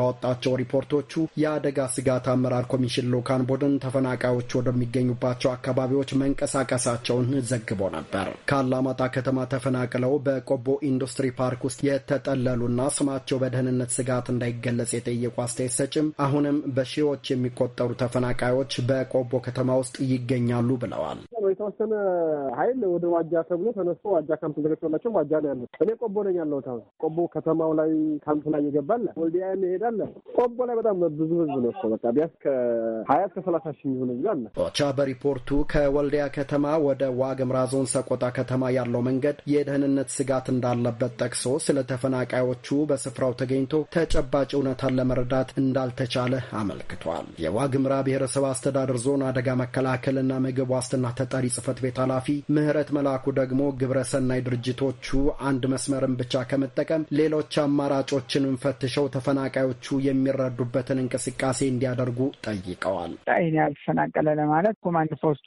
ባወጣቸው ሪፖርቶቹ የአደጋ ስጋት አመራር ኮሚሽን ልዑካን ቡድን ተፈናቃዮች ወደሚገኙባቸው አካባቢዎች መንቀሳቀሳቸውን ዘግቦ ነበር። ከአላማጣ ከተማ ተፈናቅለው በቆቦ ኢንዱስትሪ ፓርክ ውስጥ የተጠለሉና ስማቸው በደህንነት ስጋት እንዳይገለጽ የጠየቁ አስተያየት ሰጭም አሁንም በሺዎች የሚቆጠሩ ተፈናቃዮች በቆቦ ከተማ ውስጥ ይገኛሉ ብለዋል። የተወሰነ ኃይል ወደ ዋጃ ተብሎ ተነስቶ ዋጃ ካምፕ እንደገባላቸው ዋጃ ነው ያለው። እኔ ቆቦ ነኝ ያለሁት አሁን ቆቦ ከተማው ላይ ካምፕ ላይ እየገባለ ወልዲያ ይሄዳለ። ቆቦ ላይ በጣም ብዙ ህዝብ ነው እኮ በቃ ቢያንስ ከሀያ እስከ ሰላሳ ሺ የሚሆን ህዝብ አለ። ኦቻ በሪፖርቱ ከወልዲያ ከተማ ወደ ዋግምራ ዞን ሰቆጣ ከተማ ያለው ባለው መንገድ የደህንነት ስጋት እንዳለበት ጠቅሶ ስለ ተፈናቃዮቹ በስፍራው ተገኝቶ ተጨባጭ እውነታን ለመረዳት እንዳልተቻለ አመልክቷል። የዋግምራ ብሔረሰብ አስተዳደር ዞን አደጋ መከላከልና ምግብ ዋስትና ተጠሪ ጽህፈት ቤት ኃላፊ ምህረት መላኩ ደግሞ ግብረሰናይ ድርጅቶቹ አንድ መስመርን ብቻ ከመጠቀም ሌሎች አማራጮችንም ፈትሸው ተፈናቃዮቹ የሚረዱበትን እንቅስቃሴ እንዲያደርጉ ጠይቀዋል። ይሄን ያልተፈናቀለ ለማለት ኮማንድ ፖስቱ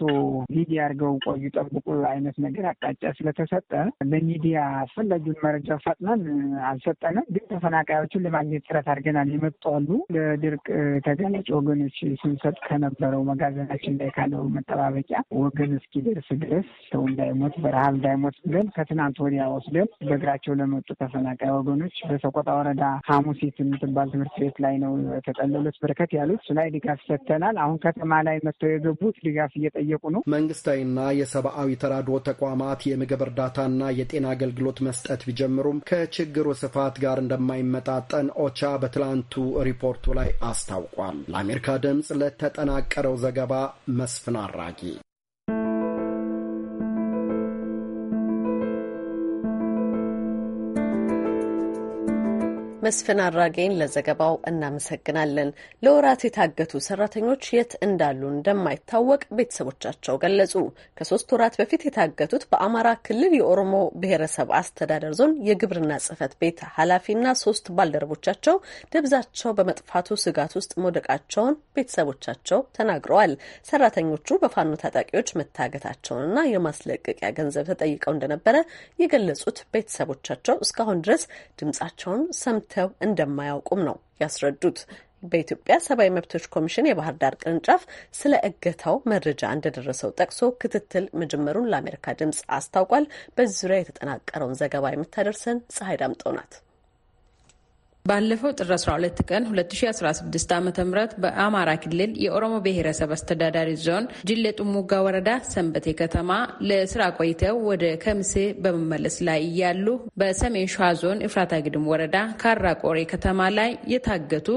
ሊዲ አድርገው ቆዩ ጠብቁ አይነት ነገር አቅጣጫ ስለተሰጠ ለሚዲያ አስፈላጊውን መረጃ ፈጥነን አልሰጠንም። ግን ተፈናቃዮችን ለማግኘት ጥረት አድርገናል። የመጡ አሉ። ለድርቅ ተጋላጭ ወገኖች ስንሰጥ ከነበረው መጋዘናችን ላይ ካለው መጠባበቂያ ወገን እስኪደርስ ድረስ ሰው እንዳይሞት በረሃብ እንዳይሞት ብለን ከትናንት ወዲያ ወስደን በእግራቸው ለመጡ ተፈናቃይ ወገኖች በሰቆጣ ወረዳ ሀሙሲት የምትባል ትምህርት ቤት ላይ ነው የተጠለሉት። በርከት ያሉት ላይ ድጋፍ ሰጥተናል። አሁን ከተማ ላይ መጥተው የገቡት ድጋፍ እየጠየቁ ነው። መንግስታዊና የሰብአዊ ተራድኦ ተቋማት የምግብ እርዳታ እርዳታና የጤና አገልግሎት መስጠት ቢጀምሩም ከችግሩ ስፋት ጋር እንደማይመጣጠን ኦቻ በትላንቱ ሪፖርቱ ላይ አስታውቋል። ለአሜሪካ ድምፅ ለተጠናቀረው ዘገባ መስፍን አራጊ መስፍን አራጌን ለዘገባው እናመሰግናለን። ለወራት የታገቱ ሰራተኞች የት እንዳሉ እንደማይታወቅ ቤተሰቦቻቸው ገለጹ። ከሶስት ወራት በፊት የታገቱት በአማራ ክልል የኦሮሞ ብሔረሰብ አስተዳደር ዞን የግብርና ጽህፈት ቤት ኃላፊና ሶስት ባልደረቦቻቸው ደብዛቸው በመጥፋቱ ስጋት ውስጥ መውደቃቸውን ቤተሰቦቻቸው ተናግረዋል። ሰራተኞቹ በፋኖ ታጣቂዎች መታገታቸውንና የማስለቀቂያ ገንዘብ ተጠይቀው እንደነበረ የገለጹት ቤተሰቦቻቸው እስካሁን ድረስ ድምጻቸውን ሰምተ መጥተው እንደማያውቁም ነው ያስረዱት። በኢትዮጵያ ሰብአዊ መብቶች ኮሚሽን የባህር ዳር ቅርንጫፍ ስለ እገታው መረጃ እንደደረሰው ጠቅሶ ክትትል መጀመሩን ለአሜሪካ ድምጽ አስታውቋል። በዚህ ዙሪያ የተጠናቀረውን ዘገባ የምታደርሰን ፀሐይ ዳምጠው ናት። ባለፈው ጥር 12 ቀን 2016 ዓ ም በአማራ ክልል የኦሮሞ ብሔረሰብ አስተዳዳሪ ዞን ጅሌ ጥሙጋ ወረዳ ሰንበቴ ከተማ ለስራ ቆይተው ወደ ከምሴ በመመለስ ላይ እያሉ በሰሜን ሸዋ ዞን እፍራታ ግድም ወረዳ ካራ ቆሬ ከተማ ላይ የታገቱ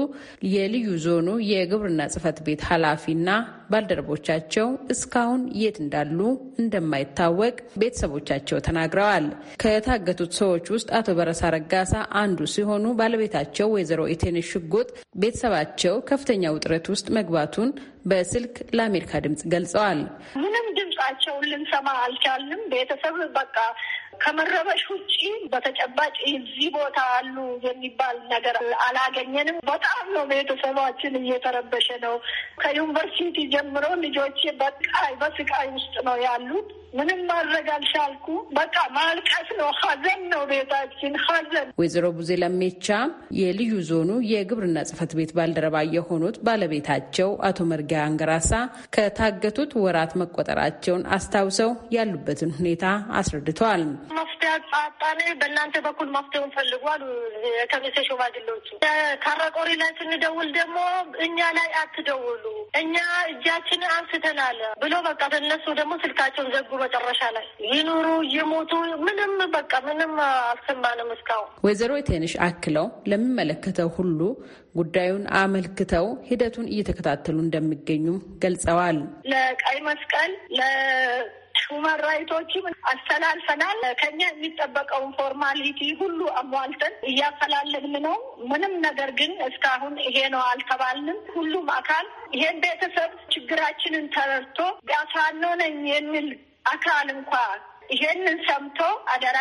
የልዩ ዞኑ የግብርና ጽህፈት ቤት ኃላፊና ባልደረቦቻቸው እስካሁን የት እንዳሉ እንደማይታወቅ ቤተሰቦቻቸው ተናግረዋል። ከታገቱት ሰዎች ውስጥ አቶ በረሳ ረጋሳ አንዱ ሲሆኑ ባለቤት ባለቤታቸው ወይዘሮ ኢቴንሽ ሽጉጥ ቤተሰባቸው ከፍተኛ ውጥረት ውስጥ መግባቱን በስልክ ለአሜሪካ ድምጽ ገልጸዋል። ምንም ድምጻቸውን ልንሰማ አልቻልንም። ቤተሰብ በቃ ከመረበሽ ውጭ በተጨባጭ እዚህ ቦታ አሉ የሚባል ነገር አላገኘንም። በጣም ነው ቤተሰባችን እየተረበሸ ነው። ከዩኒቨርሲቲ ጀምሮ ልጆቼ በቃይ በስቃይ ውስጥ ነው ያሉት። ምንም ማድረግ አልቻልኩ። በቃ ማልቀስ ነው፣ ሀዘን ነው ቤታችን ሀዘን። ወይዘሮ ቡዜ ለሜቻ የልዩ ዞኑ የግብርና ጽህፈት ቤት ባልደረባ የሆኑት ባለቤታቸው አቶ መርጊያ አንገራሳ ከታገቱት ወራት መቆጠራቸው መሆናቸውን አስታውሰው ያሉበትን ሁኔታ አስረድተዋል። መፍትሄ አጣኔ በእናንተ በኩል መፍትሄውን ፈልጓል። ከሚሴ ሽማግሌዎች ካራቆሪ ላይ ስንደውል ደግሞ እኛ ላይ አትደውሉ እኛ እጃችን አንስተናል ብሎ በቃ በእነሱ ደግሞ ስልካቸውን ዘጉ። መጨረሻ ላይ ይኑሩ ይሞቱ ምንም በቃ ምንም አልሰማንም እስካሁን። ወይዘሮ የቴንሽ አክለው ለሚመለከተው ሁሉ ጉዳዩን አመልክተው ሂደቱን እየተከታተሉ እንደሚገኙም ገልጸዋል። ለቀይ መስቀል ሁማን ራይቶችም አስተላልፈናል። ከኛ የሚጠበቀውን ፎርማሊቲ ሁሉ አሟልተን እያፈላለግን ነው። ምንም ነገር ግን እስካሁን ይሄ ነው አልተባልንም። ሁሉም አካል ይሄን ቤተሰብ ችግራችንን ተረድቶ አሳኖ ነኝ የሚል አካል እንኳ ይሄንን ሰምቶ አደራ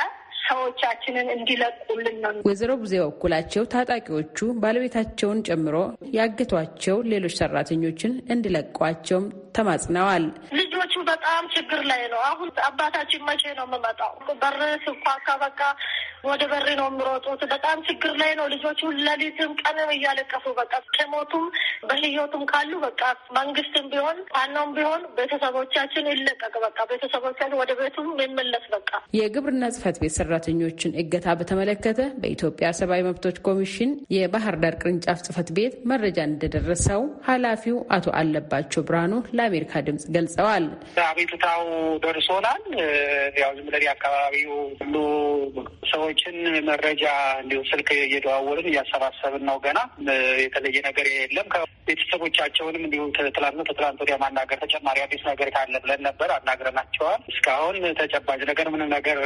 ሰዎቻችንን እንዲለቁልን ነው። ወይዘሮ ጊዜ በኩላቸው ታጣቂዎቹ ባለቤታቸውን ጨምሮ ያገቷቸው ሌሎች ሰራተኞችን እንዲለቋቸውም ተማጽነዋል። ልጆቹ በጣም ችግር ላይ ነው። አሁን አባታችን መቼ ነው የምመጣው? በር ስኳካ በቃ ወደ በሬ ነው የምሮጡት በጣም ችግር ላይ ነው ልጆቹ። ለሊትም ቀንም እያለቀሱ በቃ ከሞቱም በህይወቱም ካሉ በቃ መንግስትም ቢሆን ዋናውም ቢሆን ቤተሰቦቻችን ይለቀቅ በቃ ቤተሰቦቻችን ወደ ቤቱም ይመለስ በቃ የግብርና ጽህፈት ቤት ሰራተኞችን እገታ በተመለከተ በኢትዮጵያ ሰብአዊ መብቶች ኮሚሽን የባህር ዳር ቅርንጫፍ ጽህፈት ቤት መረጃ እንደደረሰው ኃላፊው አቶ አለባቸው ብርሃኑ ለአሜሪካ ድምጽ ገልጸዋል። አቤቱታው ደርሶናል። ያው ዝም ብለን ሁሉ ሰዎችን መረጃ እንዲሁ ስልክ እየደዋወልን እያሰባሰብን ነው። ገና የተለየ ነገር የለም። ቤተሰቦቻቸውንም እንዲሁ ትላንት ትላንት ወዲያ ማናገር ተጨማሪ አዲስ ነገር ካለ ብለን ነበር። አናግረናቸዋል። እስካሁን ተጨባጭ ነገር ምንም ነገር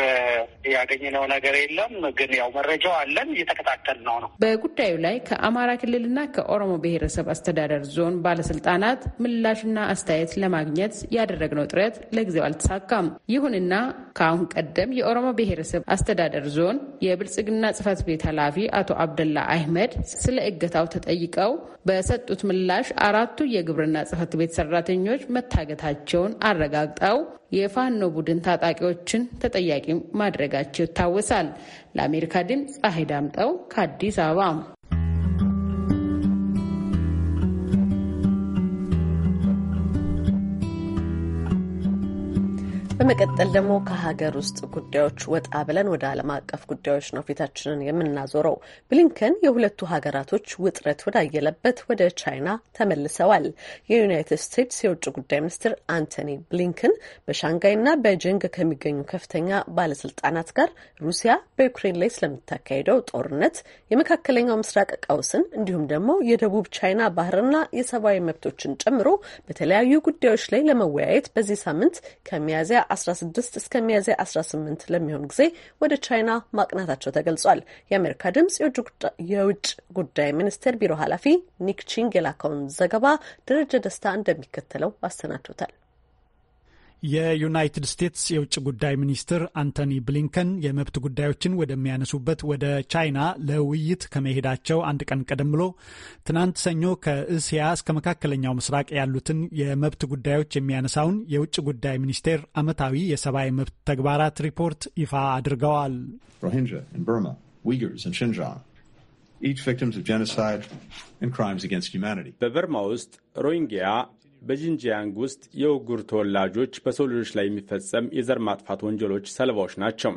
ያገ ያገኘነው ነገር የለም። ግን ያው መረጃው አለን እየተከታተል ነው ነው። በጉዳዩ ላይ ከአማራ ክልልና ከኦሮሞ ብሔረሰብ አስተዳደር ዞን ባለስልጣናት ምላሽና አስተያየት ለማግኘት ያደረግነው ጥረት ለጊዜው አልተሳካም። ይሁንና ከአሁን ቀደም የኦሮሞ ብሔረሰብ አስተዳደር ዞን የብልጽግና ጽህፈት ቤት ኃላፊ አቶ አብደላ አህመድ ስለ እገታው ተጠይቀው በሰጡት ምላሽ አራቱ የግብርና ጽህፈት ቤት ሰራተኞች መታገታቸውን አረጋግጠው የፋኖ ቡድን ታጣቂዎችን ተጠያቂ ማድረጋቸው ይታወሳል። ለአሜሪካ ድምፅ ፀሐይ ዳምጠው ከአዲስ አበባ በመቀጠል ደግሞ ከሀገር ውስጥ ጉዳዮች ወጣ ብለን ወደ ዓለም አቀፍ ጉዳዮች ነው ፊታችንን የምናዞረው። ብሊንከን የሁለቱ ሀገራቶች ውጥረት ወዳየለበት ወደ ቻይና ተመልሰዋል። የዩናይትድ ስቴትስ የውጭ ጉዳይ ሚኒስትር አንቶኒ ብሊንከን በሻንጋይና በጀንግ ከሚገኙ ከፍተኛ ባለስልጣናት ጋር ሩሲያ በዩክሬን ላይ ስለምታካሄደው ጦርነት፣ የመካከለኛው ምስራቅ ቀውስን እንዲሁም ደግሞ የደቡብ ቻይና ባህርና የሰብአዊ መብቶችን ጨምሮ በተለያዩ ጉዳዮች ላይ ለመወያየት በዚህ ሳምንት ከሚያዝያ 16 እስከ ሚያዝያ 18 ለሚሆን ጊዜ ወደ ቻይና ማቅናታቸው ተገልጿል። የአሜሪካ ድምጽ የውጭ ጉዳይ ሚኒስቴር ቢሮ ኃላፊ ኒክ ቺንግ የላከውን ዘገባ ደረጀ ደስታ እንደሚከተለው አሰናድቶታል። የዩናይትድ ስቴትስ የውጭ ጉዳይ ሚኒስትር አንቶኒ ብሊንከን የመብት ጉዳዮችን ወደሚያነሱበት ወደ ቻይና ለውይይት ከመሄዳቸው አንድ ቀን ቀደም ብሎ ትናንት ሰኞ ከእስያ እስከ መካከለኛው ምስራቅ ያሉትን የመብት ጉዳዮች የሚያነሳውን የውጭ ጉዳይ ሚኒስቴር ዓመታዊ የሰብአዊ መብት ተግባራት ሪፖርት ይፋ አድርገዋል። ሮሂንጃ በርማ ዊግርስ ሽንጃንግ በበርማ ውስጥ ሮሂንግያ በጂንጂያንግ ውስጥ የውጉር ተወላጆች በሰው ልጆች ላይ የሚፈጸም የዘር ማጥፋት ወንጀሎች ሰለባዎች ናቸው።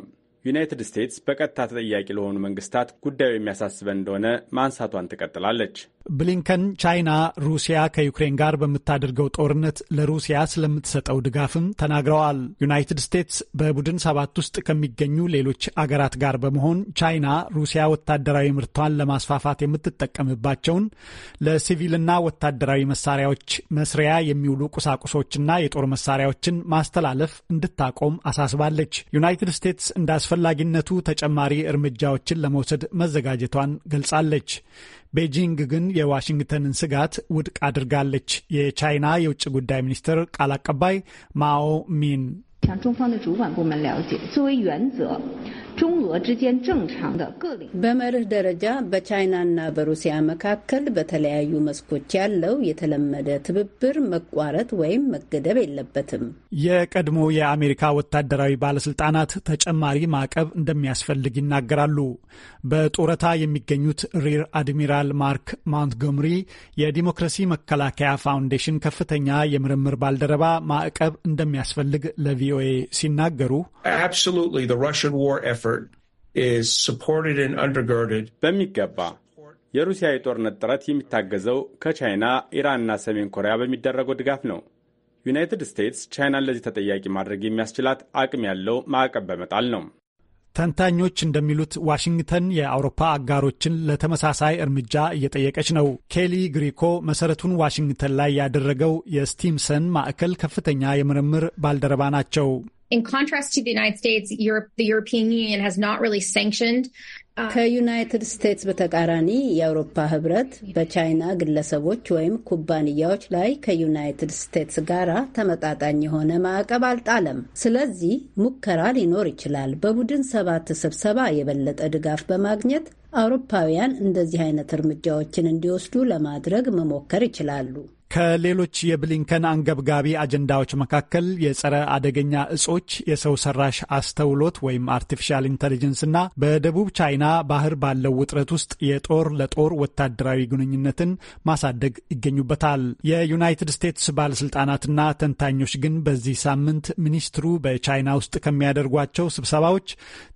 ዩናይትድ ስቴትስ በቀጥታ ተጠያቂ ለሆኑ መንግስታት ጉዳዩ የሚያሳስበን እንደሆነ ማንሳቷን ትቀጥላለች። ብሊንከን ቻይና ሩሲያ ከዩክሬን ጋር በምታደርገው ጦርነት ለሩሲያ ስለምትሰጠው ድጋፍም ተናግረዋል። ዩናይትድ ስቴትስ በቡድን ሰባት ውስጥ ከሚገኙ ሌሎች አገራት ጋር በመሆን ቻይና ሩሲያ ወታደራዊ ምርቷን ለማስፋፋት የምትጠቀምባቸውን ለሲቪልና ወታደራዊ መሳሪያዎች መስሪያ የሚውሉ ቁሳቁሶችና የጦር መሳሪያዎችን ማስተላለፍ እንድታቆም አሳስባለች። ዩናይትድ ስቴትስ እንደ አስፈላጊነቱ ተጨማሪ እርምጃዎችን ለመውሰድ መዘጋጀቷን ገልጻለች። ቤጂንግ ግን የዋሽንግተንን ስጋት ውድቅ አድርጋለች። የቻይና የውጭ ጉዳይ ሚኒስትር ቃል አቀባይ ማኦ ሚን 中俄之间正常的各领 በመርህ ደረጃ በቻይናና በሩሲያ መካከል በተለያዩ መስኮች ያለው የተለመደ ትብብር መቋረጥ ወይም መገደብ የለበትም። የቀድሞ የአሜሪካ ወታደራዊ ባለስልጣናት ተጨማሪ ማዕቀብ እንደሚያስፈልግ ይናገራሉ። በጡረታ የሚገኙት ሪር አድሚራል ማርክ ማንትጎምሪ የዲሞክራሲ መከላከያ ፋውንዴሽን ከፍተኛ የምርምር ባልደረባ ማዕቀብ እንደሚያስፈልግ ለቪኦኤ ሲናገሩ በሚገባ የሩሲያ የጦርነት ጥረት የሚታገዘው ከቻይና ኢራንና ሰሜን ኮሪያ በሚደረገው ድጋፍ ነው። ዩናይትድ ስቴትስ ቻይናን ለዚህ ተጠያቂ ማድረግ የሚያስችላት አቅም ያለው ማዕቀብ በመጣል ነው። ተንታኞች እንደሚሉት ዋሽንግተን የአውሮፓ አጋሮችን ለተመሳሳይ እርምጃ እየጠየቀች ነው። ኬሊ ግሪኮ መሰረቱን ዋሽንግተን ላይ ያደረገው የስቲምሰን ማዕከል ከፍተኛ የምርምር ባልደረባ ናቸው። In contrast to the United States, Europe, the European Union has not really sanctioned uh, ከዩናይትድ ስቴትስ በተቃራኒ የአውሮፓ ህብረት በቻይና ግለሰቦች ወይም ኩባንያዎች ላይ ከዩናይትድ ስቴትስ ጋር ተመጣጣኝ የሆነ ማዕቀብ አልጣለም። ስለዚህ ሙከራ ሊኖር ይችላል። በቡድን ሰባት ስብሰባ የበለጠ ድጋፍ በማግኘት አውሮፓውያን እንደዚህ አይነት እርምጃዎችን እንዲወስዱ ለማድረግ መሞከር ይችላሉ። ከሌሎች የብሊንከን አንገብጋቢ አጀንዳዎች መካከል የጸረ አደገኛ እጾች፣ የሰው ሰራሽ አስተውሎት ወይም አርቲፊሻል እና በደቡብ ቻይና ባህር ባለው ውጥረት ውስጥ የጦር ለጦር ወታደራዊ ግንኙነትን ማሳደግ ይገኙበታል። የዩናይትድ ስቴትስ ባለስልጣናትና ተንታኞች ግን በዚህ ሳምንት ሚኒስትሩ በቻይና ውስጥ ከሚያደርጓቸው ስብሰባዎች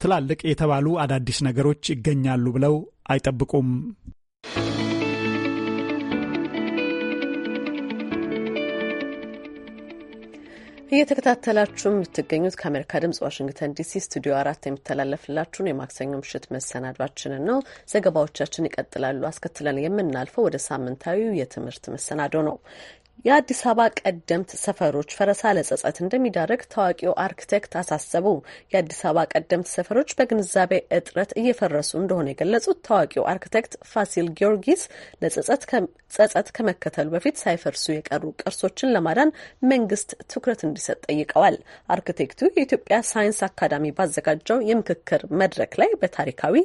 ትላልቅ የተባሉ አዳዲስ ነገሮች ይገኛሉ ብለው አይጠብቁም። እየተከታተላችሁ የምትገኙት ከአሜሪካ ድምጽ ዋሽንግተን ዲሲ ስቱዲዮ አራት የሚተላለፍላችሁን የማክሰኞ ምሽት መሰናዷችንን ነው። ዘገባዎቻችን ይቀጥላሉ። አስከትለን የምናልፈው ወደ ሳምንታዊው የትምህርት መሰናዶ ነው። የአዲስ አበባ ቀደምት ሰፈሮች ፈረሳ ለጸጸት እንደሚዳረግ ታዋቂው አርክቴክት አሳሰቡ። የአዲስ አበባ ቀደምት ሰፈሮች በግንዛቤ እጥረት እየፈረሱ እንደሆነ የገለጹት ታዋቂው አርክቴክት ፋሲል ጊዮርጊስ ለጸጸት ከመከተሉ በፊት ሳይፈርሱ የቀሩ ቅርሶችን ለማዳን መንግስት ትኩረት እንዲሰጥ ጠይቀዋል። አርክቴክቱ የኢትዮጵያ ሳይንስ አካዳሚ ባዘጋጀው የምክክር መድረክ ላይ በታሪካዊ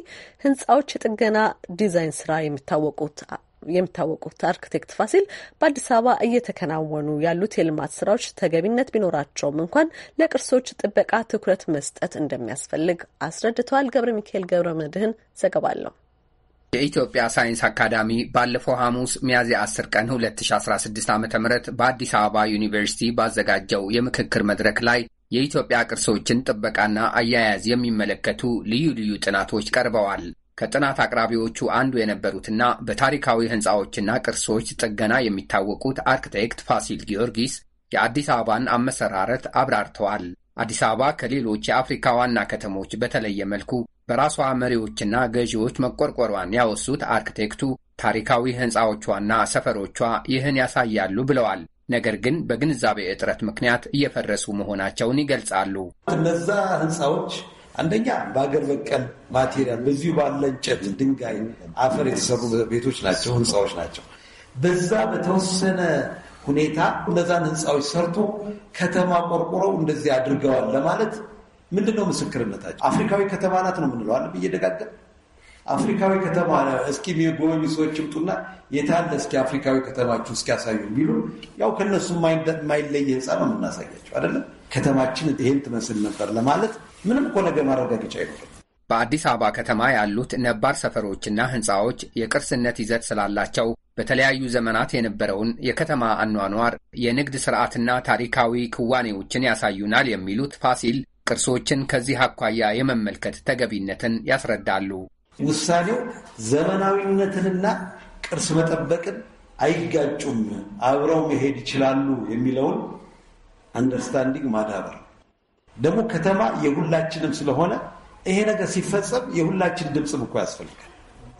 ህንፃዎች የጥገና ዲዛይን ስራ የሚታወቁት የሚታወቁት አርክቴክት ፋሲል በአዲስ አበባ እየተከናወኑ ያሉት የልማት ስራዎች ተገቢነት ቢኖራቸውም እንኳን ለቅርሶች ጥበቃ ትኩረት መስጠት እንደሚያስፈልግ አስረድተዋል። ገብረ ሚካኤል ገብረ መድህን ዘገባ አለው። የኢትዮጵያ ሳይንስ አካዳሚ ባለፈው ሐሙስ ሚያዝያ 10 ቀን 2016 ዓ ም በአዲስ አበባ ዩኒቨርሲቲ ባዘጋጀው የምክክር መድረክ ላይ የኢትዮጵያ ቅርሶችን ጥበቃና አያያዝ የሚመለከቱ ልዩ ልዩ ጥናቶች ቀርበዋል። ከጥናት አቅራቢዎቹ አንዱ የነበሩትና በታሪካዊ ሕንፃዎችና ቅርሶች ጥገና የሚታወቁት አርክቴክት ፋሲል ጊዮርጊስ የአዲስ አበባን አመሰራረት አብራርተዋል። አዲስ አበባ ከሌሎች የአፍሪካ ዋና ከተሞች በተለየ መልኩ በራሷ መሪዎችና ገዢዎች መቆርቆሯን ያወሱት አርክቴክቱ ታሪካዊ ሕንፃዎቿና ሰፈሮቿ ይህን ያሳያሉ ብለዋል። ነገር ግን በግንዛቤ እጥረት ምክንያት እየፈረሱ መሆናቸውን ይገልጻሉ። እነዛ ህንፃዎች አንደኛ በአገር በቀል ማቴሪያል በዚሁ ባለ እንጨት፣ ድንጋይ፣ አፈር የተሰሩ ቤቶች ናቸው፣ ህንፃዎች ናቸው። በዛ በተወሰነ ሁኔታ እነዛን ህንፃዎች ሰርቶ ከተማ ቆርቆረው እንደዚህ አድርገዋል ለማለት ምንድን ነው ምስክርነታቸው? አፍሪካዊ ከተማ ናት ነው የምንለዋል ብየደጋገም አፍሪካዊ ከተማ እስኪ የሚጎበኙ ሰዎች ይምጡና የታለ እስኪ አፍሪካዊ ከተማችሁ እስኪያሳዩ የሚሉ ያው ከነሱ የማይለየ ህንፃ ነው የምናሳያቸው አይደለም። ከተማችን ይህን ትመስል ነበር ለማለት ምንም እኮ ነገ ማረጋገጫ አይኖርም። በአዲስ አበባ ከተማ ያሉት ነባር ሰፈሮችና ህንፃዎች የቅርስነት ይዘት ስላላቸው በተለያዩ ዘመናት የነበረውን የከተማ አኗኗር፣ የንግድ ስርዓትና ታሪካዊ ክዋኔዎችን ያሳዩናል የሚሉት ፋሲል ቅርሶችን ከዚህ አኳያ የመመልከት ተገቢነትን ያስረዳሉ። ውሳኔው ዘመናዊነትንና ቅርስ መጠበቅን አይጋጩም፣ አብረው መሄድ ይችላሉ የሚለውን አንደርስታንዲንግ ማዳበር ደግሞ ከተማ የሁላችንም ስለሆነ ይሄ ነገር ሲፈጸም የሁላችን ድምፅም እኮ ያስፈልጋል።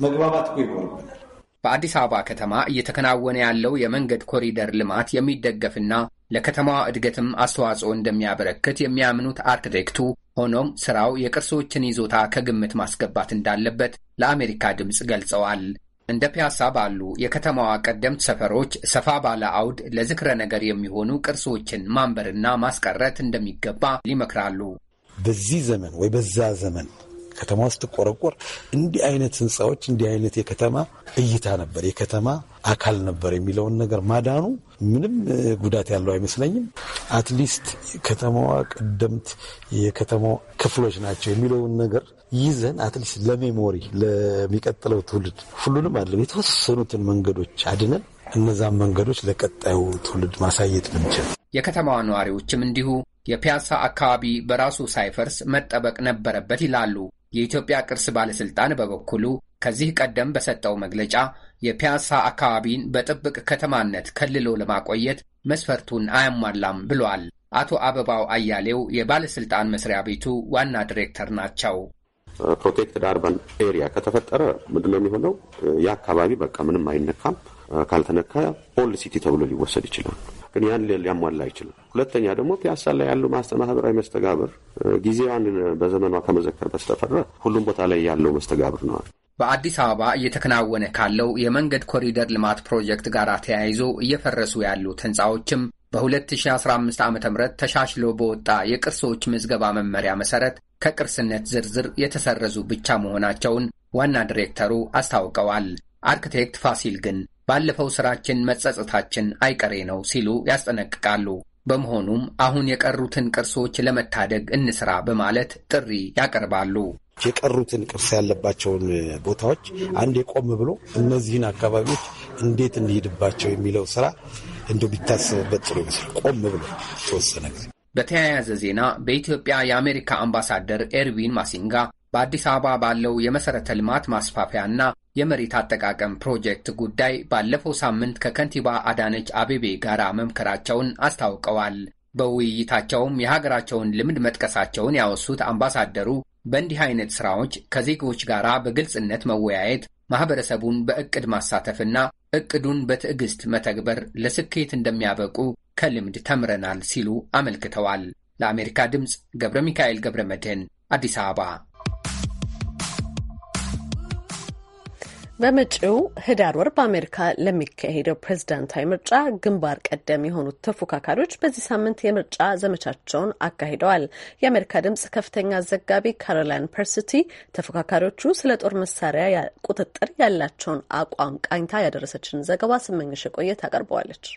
መግባባት እኮ ይኖርብናል። በአዲስ አበባ ከተማ እየተከናወነ ያለው የመንገድ ኮሪደር ልማት የሚደገፍና ለከተማዋ እድገትም አስተዋጽኦ እንደሚያበረክት የሚያምኑት አርክቴክቱ፣ ሆኖም ስራው የቅርሶችን ይዞታ ከግምት ማስገባት እንዳለበት ለአሜሪካ ድምፅ ገልጸዋል። እንደ ፒያሳ ባሉ የከተማዋ ቀደምት ሰፈሮች ሰፋ ባለ አውድ ለዝክረ ነገር የሚሆኑ ቅርሶችን ማንበርና ማስቀረት እንደሚገባ ይመክራሉ። በዚህ ዘመን ወይ በዛ ዘመን ከተማ ስትቆረቆር እንዲህ አይነት ህንፃዎች እንዲህ አይነት የከተማ እይታ ነበር፣ የከተማ አካል ነበር የሚለውን ነገር ማዳኑ ምንም ጉዳት ያለው አይመስለኝም። አትሊስት ከተማዋ ቀደምት የከተማ ክፍሎች ናቸው የሚለውን ነገር ይዘን አትሊስት ለሜሞሪ ለሚቀጥለው ትውልድ ሁሉንም አይደለም የተወሰኑትን መንገዶች አድነን እነዛን መንገዶች ለቀጣዩ ትውልድ ማሳየት ብንችል። የከተማዋ ነዋሪዎችም እንዲሁ የፒያሳ አካባቢ በራሱ ሳይፈርስ መጠበቅ ነበረበት ይላሉ። የኢትዮጵያ ቅርስ ባለሥልጣን በበኩሉ ከዚህ ቀደም በሰጠው መግለጫ የፒያሳ አካባቢን በጥብቅ ከተማነት ከልሎ ለማቆየት መስፈርቱን አያሟላም ብሏል። አቶ አበባው አያሌው የባለስልጣን መስሪያ ቤቱ ዋና ዲሬክተር ናቸው። ፕሮቴክትድ አርባን ኤሪያ ከተፈጠረ ምንድነው የሚሆነው? ያ አካባቢ በቃ ምንም አይነካም። ካልተነካ ኦልድ ሲቲ ተብሎ ሊወሰድ ይችላል። ግን ያን ሊያሟላ አይችልም። ሁለተኛ ደግሞ ፒያሳ ላይ ያለው ማህበራዊ መስተጋብር ጊዜዋን በዘመኗ ከመዘከር በስተፈረ ሁሉም ቦታ ላይ ያለው መስተጋብር ነዋል። በአዲስ አበባ እየተከናወነ ካለው የመንገድ ኮሪደር ልማት ፕሮጀክት ጋር ተያይዞ እየፈረሱ ያሉት ህንፃዎችም በ2015 ዓ ም ተሻሽሎ በወጣ የቅርሶች ምዝገባ መመሪያ መሰረት ከቅርስነት ዝርዝር የተሰረዙ ብቻ መሆናቸውን ዋና ዲሬክተሩ አስታውቀዋል። አርክቴክት ፋሲል ግን ባለፈው ስራችን መጸጸታችን አይቀሬ ነው ሲሉ ያስጠነቅቃሉ። በመሆኑም አሁን የቀሩትን ቅርሶች ለመታደግ እንስራ በማለት ጥሪ ያቀርባሉ። የቀሩትን ቅርስ ያለባቸውን ቦታዎች አንድ የቆም ብሎ እነዚህን አካባቢዎች እንዴት እንሄድባቸው የሚለው ስራ እንደ ቢታሰብበት ጥሩ ይመስል ቆም ብሎ ተወሰነ ጊዜ። በተያያዘ ዜና በኢትዮጵያ የአሜሪካ አምባሳደር ኤርዊን ማሲንጋ በአዲስ አበባ ባለው የመሠረተ ልማት ማስፋፊያና የመሬት አጠቃቀም ፕሮጀክት ጉዳይ ባለፈው ሳምንት ከከንቲባ አዳነች አቤቤ ጋር መምከራቸውን አስታውቀዋል። በውይይታቸውም የሀገራቸውን ልምድ መጥቀሳቸውን ያወሱት አምባሳደሩ በእንዲህ አይነት ሥራዎች ከዜጎች ጋር በግልጽነት መወያየት፣ ማኅበረሰቡን በእቅድ ማሳተፍና እቅዱን በትዕግሥት መተግበር ለስኬት እንደሚያበቁ ከልምድ ተምረናል ሲሉ አመልክተዋል። ለአሜሪካ ድምፅ ገብረ ሚካኤል ገብረ መድህን አዲስ አበባ በመጪው ህዳር ወር በአሜሪካ ለሚካሄደው ፕሬዝዳንታዊ ምርጫ ግንባር ቀደም የሆኑት ተፎካካሪዎች በዚህ ሳምንት የምርጫ ዘመቻቸውን አካሂደዋል። የአሜሪካ ድምጽ ከፍተኛ አዘጋቢ ካሮላይን ፐርሲቲ ተፎካካሪዎቹ ስለ ጦር መሳሪያ ቁጥጥር ያላቸውን አቋም ቃኝታ ያደረሰችን ዘገባ ስመኝሽ ቆየት አቀርበዋለች።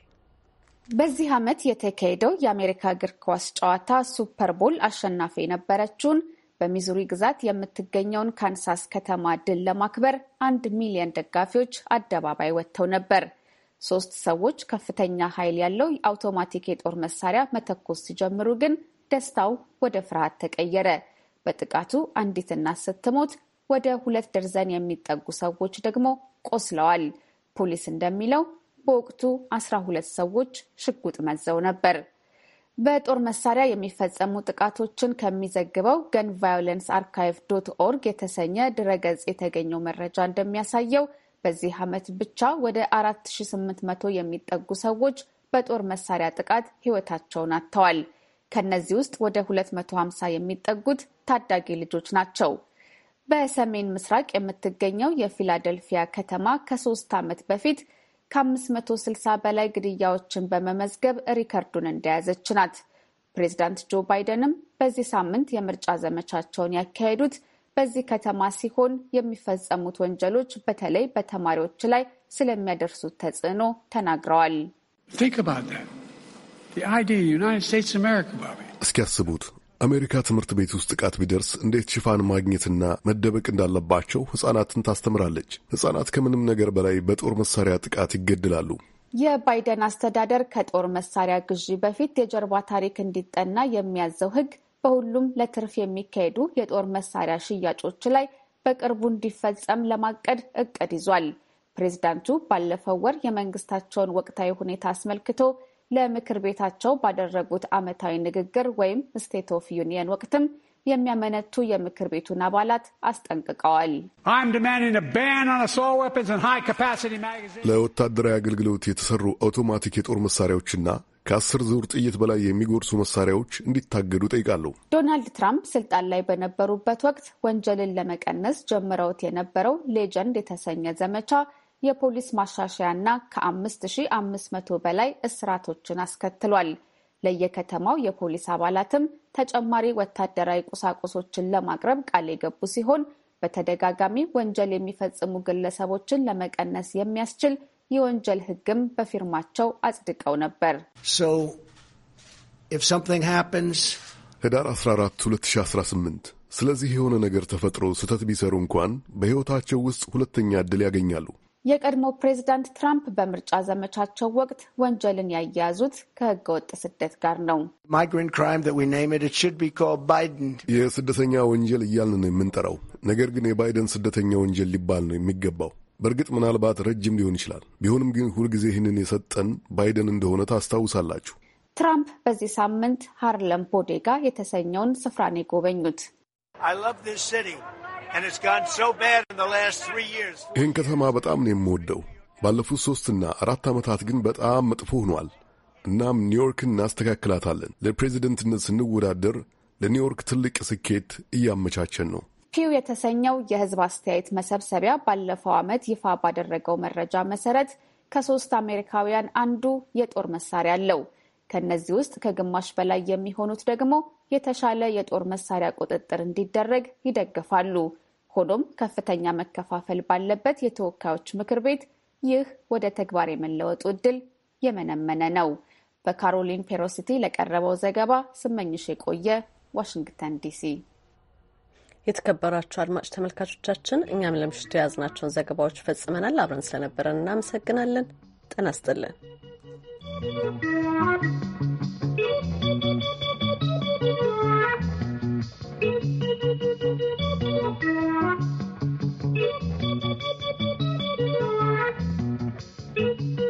በዚህ ዓመት የተካሄደው የአሜሪካ እግር ኳስ ጨዋታ ሱፐር ቦል አሸናፊ የነበረችውን በሚዙሪ ግዛት የምትገኘውን ካንሳስ ከተማ ድል ለማክበር አንድ ሚሊዮን ደጋፊዎች አደባባይ ወጥተው ነበር። ሶስት ሰዎች ከፍተኛ ኃይል ያለው የአውቶማቲክ የጦር መሳሪያ መተኮስ ሲጀምሩ ግን ደስታው ወደ ፍርሃት ተቀየረ። በጥቃቱ አንዲት እናት ስትሞት ወደ ሁለት ደርዘን የሚጠጉ ሰዎች ደግሞ ቆስለዋል። ፖሊስ እንደሚለው በወቅቱ አስራ ሁለት ሰዎች ሽጉጥ መዘው ነበር። በጦር መሳሪያ የሚፈጸሙ ጥቃቶችን ከሚዘግበው ገን ቫዮለንስ አርካይቭ ዶት ኦርግ የተሰኘ ድረገጽ የተገኘው መረጃ እንደሚያሳየው በዚህ ዓመት ብቻ ወደ 4800 የሚጠጉ ሰዎች በጦር መሳሪያ ጥቃት ሕይወታቸውን አጥተዋል። ከነዚህ ውስጥ ወደ 250 የሚጠጉት ታዳጊ ልጆች ናቸው። በሰሜን ምስራቅ የምትገኘው የፊላደልፊያ ከተማ ከሶስት ዓመት በፊት ከ560 በላይ ግድያዎችን በመመዝገብ ሪከርዱን እንደያዘች ናት። ፕሬዚዳንት ጆ ባይደንም በዚህ ሳምንት የምርጫ ዘመቻቸውን ያካሄዱት በዚህ ከተማ ሲሆን የሚፈጸሙት ወንጀሎች በተለይ በተማሪዎች ላይ ስለሚያደርሱት ተጽዕኖ ተናግረዋል። እስኪያስቡት አሜሪካ ትምህርት ቤት ውስጥ ጥቃት ቢደርስ እንዴት ሽፋን ማግኘትና መደበቅ እንዳለባቸው ሕጻናትን ታስተምራለች። ሕጻናት ከምንም ነገር በላይ በጦር መሳሪያ ጥቃት ይገድላሉ። የባይደን አስተዳደር ከጦር መሳሪያ ግዢ በፊት የጀርባ ታሪክ እንዲጠና የሚያዘው ሕግ በሁሉም ለትርፍ የሚካሄዱ የጦር መሳሪያ ሽያጮች ላይ በቅርቡ እንዲፈጸም ለማቀድ እቅድ ይዟል። ፕሬዚዳንቱ ባለፈው ወር የመንግስታቸውን ወቅታዊ ሁኔታ አስመልክቶ ለምክር ቤታቸው ባደረጉት ዓመታዊ ንግግር ወይም ስቴት ኦፍ ዩኒየን ወቅትም የሚያመነቱ የምክር ቤቱን አባላት አስጠንቅቀዋል። ለወታደራዊ አገልግሎት የተሰሩ አውቶማቲክ የጦር መሳሪያዎችና ከአስር ዙር ጥይት በላይ የሚጎርሱ መሳሪያዎች እንዲታገዱ ጠይቃለሁ። ዶናልድ ትራምፕ ስልጣን ላይ በነበሩበት ወቅት ወንጀልን ለመቀነስ ጀምረውት የነበረው ሌጀንድ የተሰኘ ዘመቻ የፖሊስ ማሻሻያና ከ5500 በላይ እስራቶችን አስከትሏል። ለየከተማው የፖሊስ አባላትም ተጨማሪ ወታደራዊ ቁሳቁሶችን ለማቅረብ ቃል የገቡ ሲሆን በተደጋጋሚ ወንጀል የሚፈጽሙ ግለሰቦችን ለመቀነስ የሚያስችል የወንጀል ሕግም በፊርማቸው አጽድቀው ነበር። ህዳር 14 2018 ስለዚህ የሆነ ነገር ተፈጥሮ ስህተት ቢሰሩ እንኳን በሕይወታቸው ውስጥ ሁለተኛ ዕድል ያገኛሉ። የቀድሞ ፕሬዚዳንት ትራምፕ በምርጫ ዘመቻቸው ወቅት ወንጀልን ያያያዙት ከህገወጥ ስደት ጋር ነው። የስደተኛ ወንጀል እያልን ነው የምንጠራው፣ ነገር ግን የባይደን ስደተኛ ወንጀል ሊባል ነው የሚገባው። በእርግጥ ምናልባት ረጅም ሊሆን ይችላል። ቢሆንም ግን ሁልጊዜ ይህንን የሰጠን ባይደን እንደሆነ ታስታውሳላችሁ። ትራምፕ በዚህ ሳምንት ሃርለም ቦዴጋ የተሰኘውን ስፍራን የጎበኙት ይህን ከተማ በጣም ነው የምወደው። ባለፉት ሦስትና አራት ዓመታት ግን በጣም መጥፎ ሆኗል። እናም ኒውዮርክን እናስተካክላታለን። ለፕሬዚደንትነት ስንወዳደር ለኒውዮርክ ትልቅ ስኬት እያመቻቸን ነው። ፒው የተሰኘው የህዝብ አስተያየት መሰብሰቢያ ባለፈው ዓመት ይፋ ባደረገው መረጃ መሰረት ከሶስት አሜሪካውያን አንዱ የጦር መሳሪያ አለው። ከእነዚህ ውስጥ ከግማሽ በላይ የሚሆኑት ደግሞ የተሻለ የጦር መሳሪያ ቁጥጥር እንዲደረግ ይደግፋሉ። ሆኖም ከፍተኛ መከፋፈል ባለበት የተወካዮች ምክር ቤት ይህ ወደ ተግባር የመለወጡ እድል የመነመነ ነው። በካሮሊን ፔሮሲቲ ለቀረበው ዘገባ ስመኝሽ የቆየ ዋሽንግተን ዲሲ። የተከበራችሁ አድማጭ ተመልካቾቻችን እኛም ለምሽቱ የያዝናቸውን ዘገባዎች ፈጽመናል። አብረን ስለነበረን እናመሰግናለን። ጤና ይስጥልን።